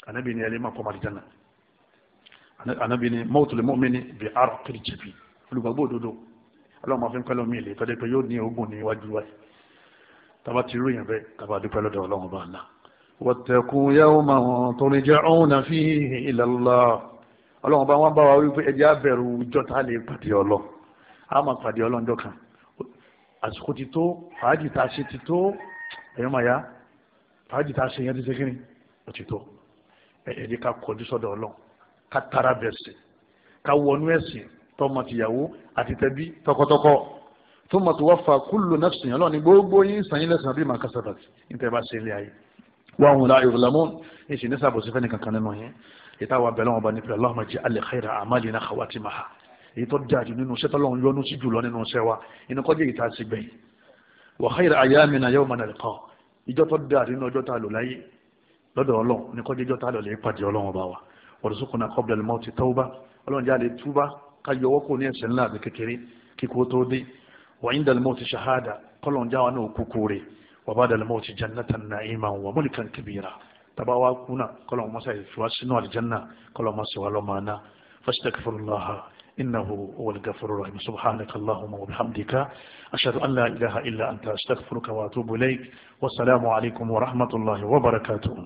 anabi ni ẹlẹ́mà kọ́ màdìjánà anabi ni mọ́tò lè mọ́mí ni bí arọ́ kiri jẹ̀bi olùgbàgbọ́ òdodo ọlọ́run máa fi ń kọ́ ẹlọ́mí ilé tọ́jú pé yóò ní oògùn ní iwájú tàbá ti rí yàn bẹ́ẹ̀ tàbá dúpẹ́ lọ́dọ̀ ọlọ́run bá ńlá. wattaqu yawman turja'una fihi ila Allah ọlọ́run bá wọn bá wa wípé ẹ̀jẹ̀ abẹ̀rù ìjọ tá a lè pàdé ọlọ́ a máa pàdé ọlọ́njọ́ kan àsìkò ti tó fàájì tá a ṣe ti tó ẹ̀yọ́ màá yá fàájì tá a ṣe yẹn ti ṣe kí ni ó ti tó ẹ̀jẹ̀ ká kọjú sọ́dọ̀ ọlọ́run ká tara bẹ̀sẹ̀ tó mọ̀ tó wá fa kúlù nafsi yàn lọ́ni gbogbo yín sàn yín lẹ́sàn bí màá kásáfà ní tẹ́ bá ṣe ilé ayé wọ́n wùn láàyò lamọ́ ní sì ní sàbòsí fẹ́ni kankan nínú yẹn ìta wà bẹ̀rẹ̀ wọn bá ní pẹ̀lú Allahumma ja'al khayra a'malina khawatimaha èyí tó jáde nínú iṣẹ́ tọ́lọ́run yọnu sí jùlọ nínú iṣẹ́ wa inú kọ́jẹ́ ìta sí gbẹ̀yìn wa khayra ayyamina yawma nalqa ìjọ tó jáde nínú ọjọ́ tá a lò láyé lọ́dọ̀ ọlọ́run ní kọ́jẹ́ ìjọ tá a lò lè pàdé ọlọ́run wa warzuqna qabla al-mawti وعند الموت شهادة قلون جاوانو كوكوري وبعد الموت جنة نائما وملكا كبيرا تباوا كنا قلون مسا يفواسنو الجنة قلون ما ولو معنا فاستغفر الله إنه هو الغفور الرحيم سبحانك اللهم وبحمدك أشهد أن لا إله إلا أنت أستغفرك وأتوب إليك والسلام عليكم ورحمة الله وبركاته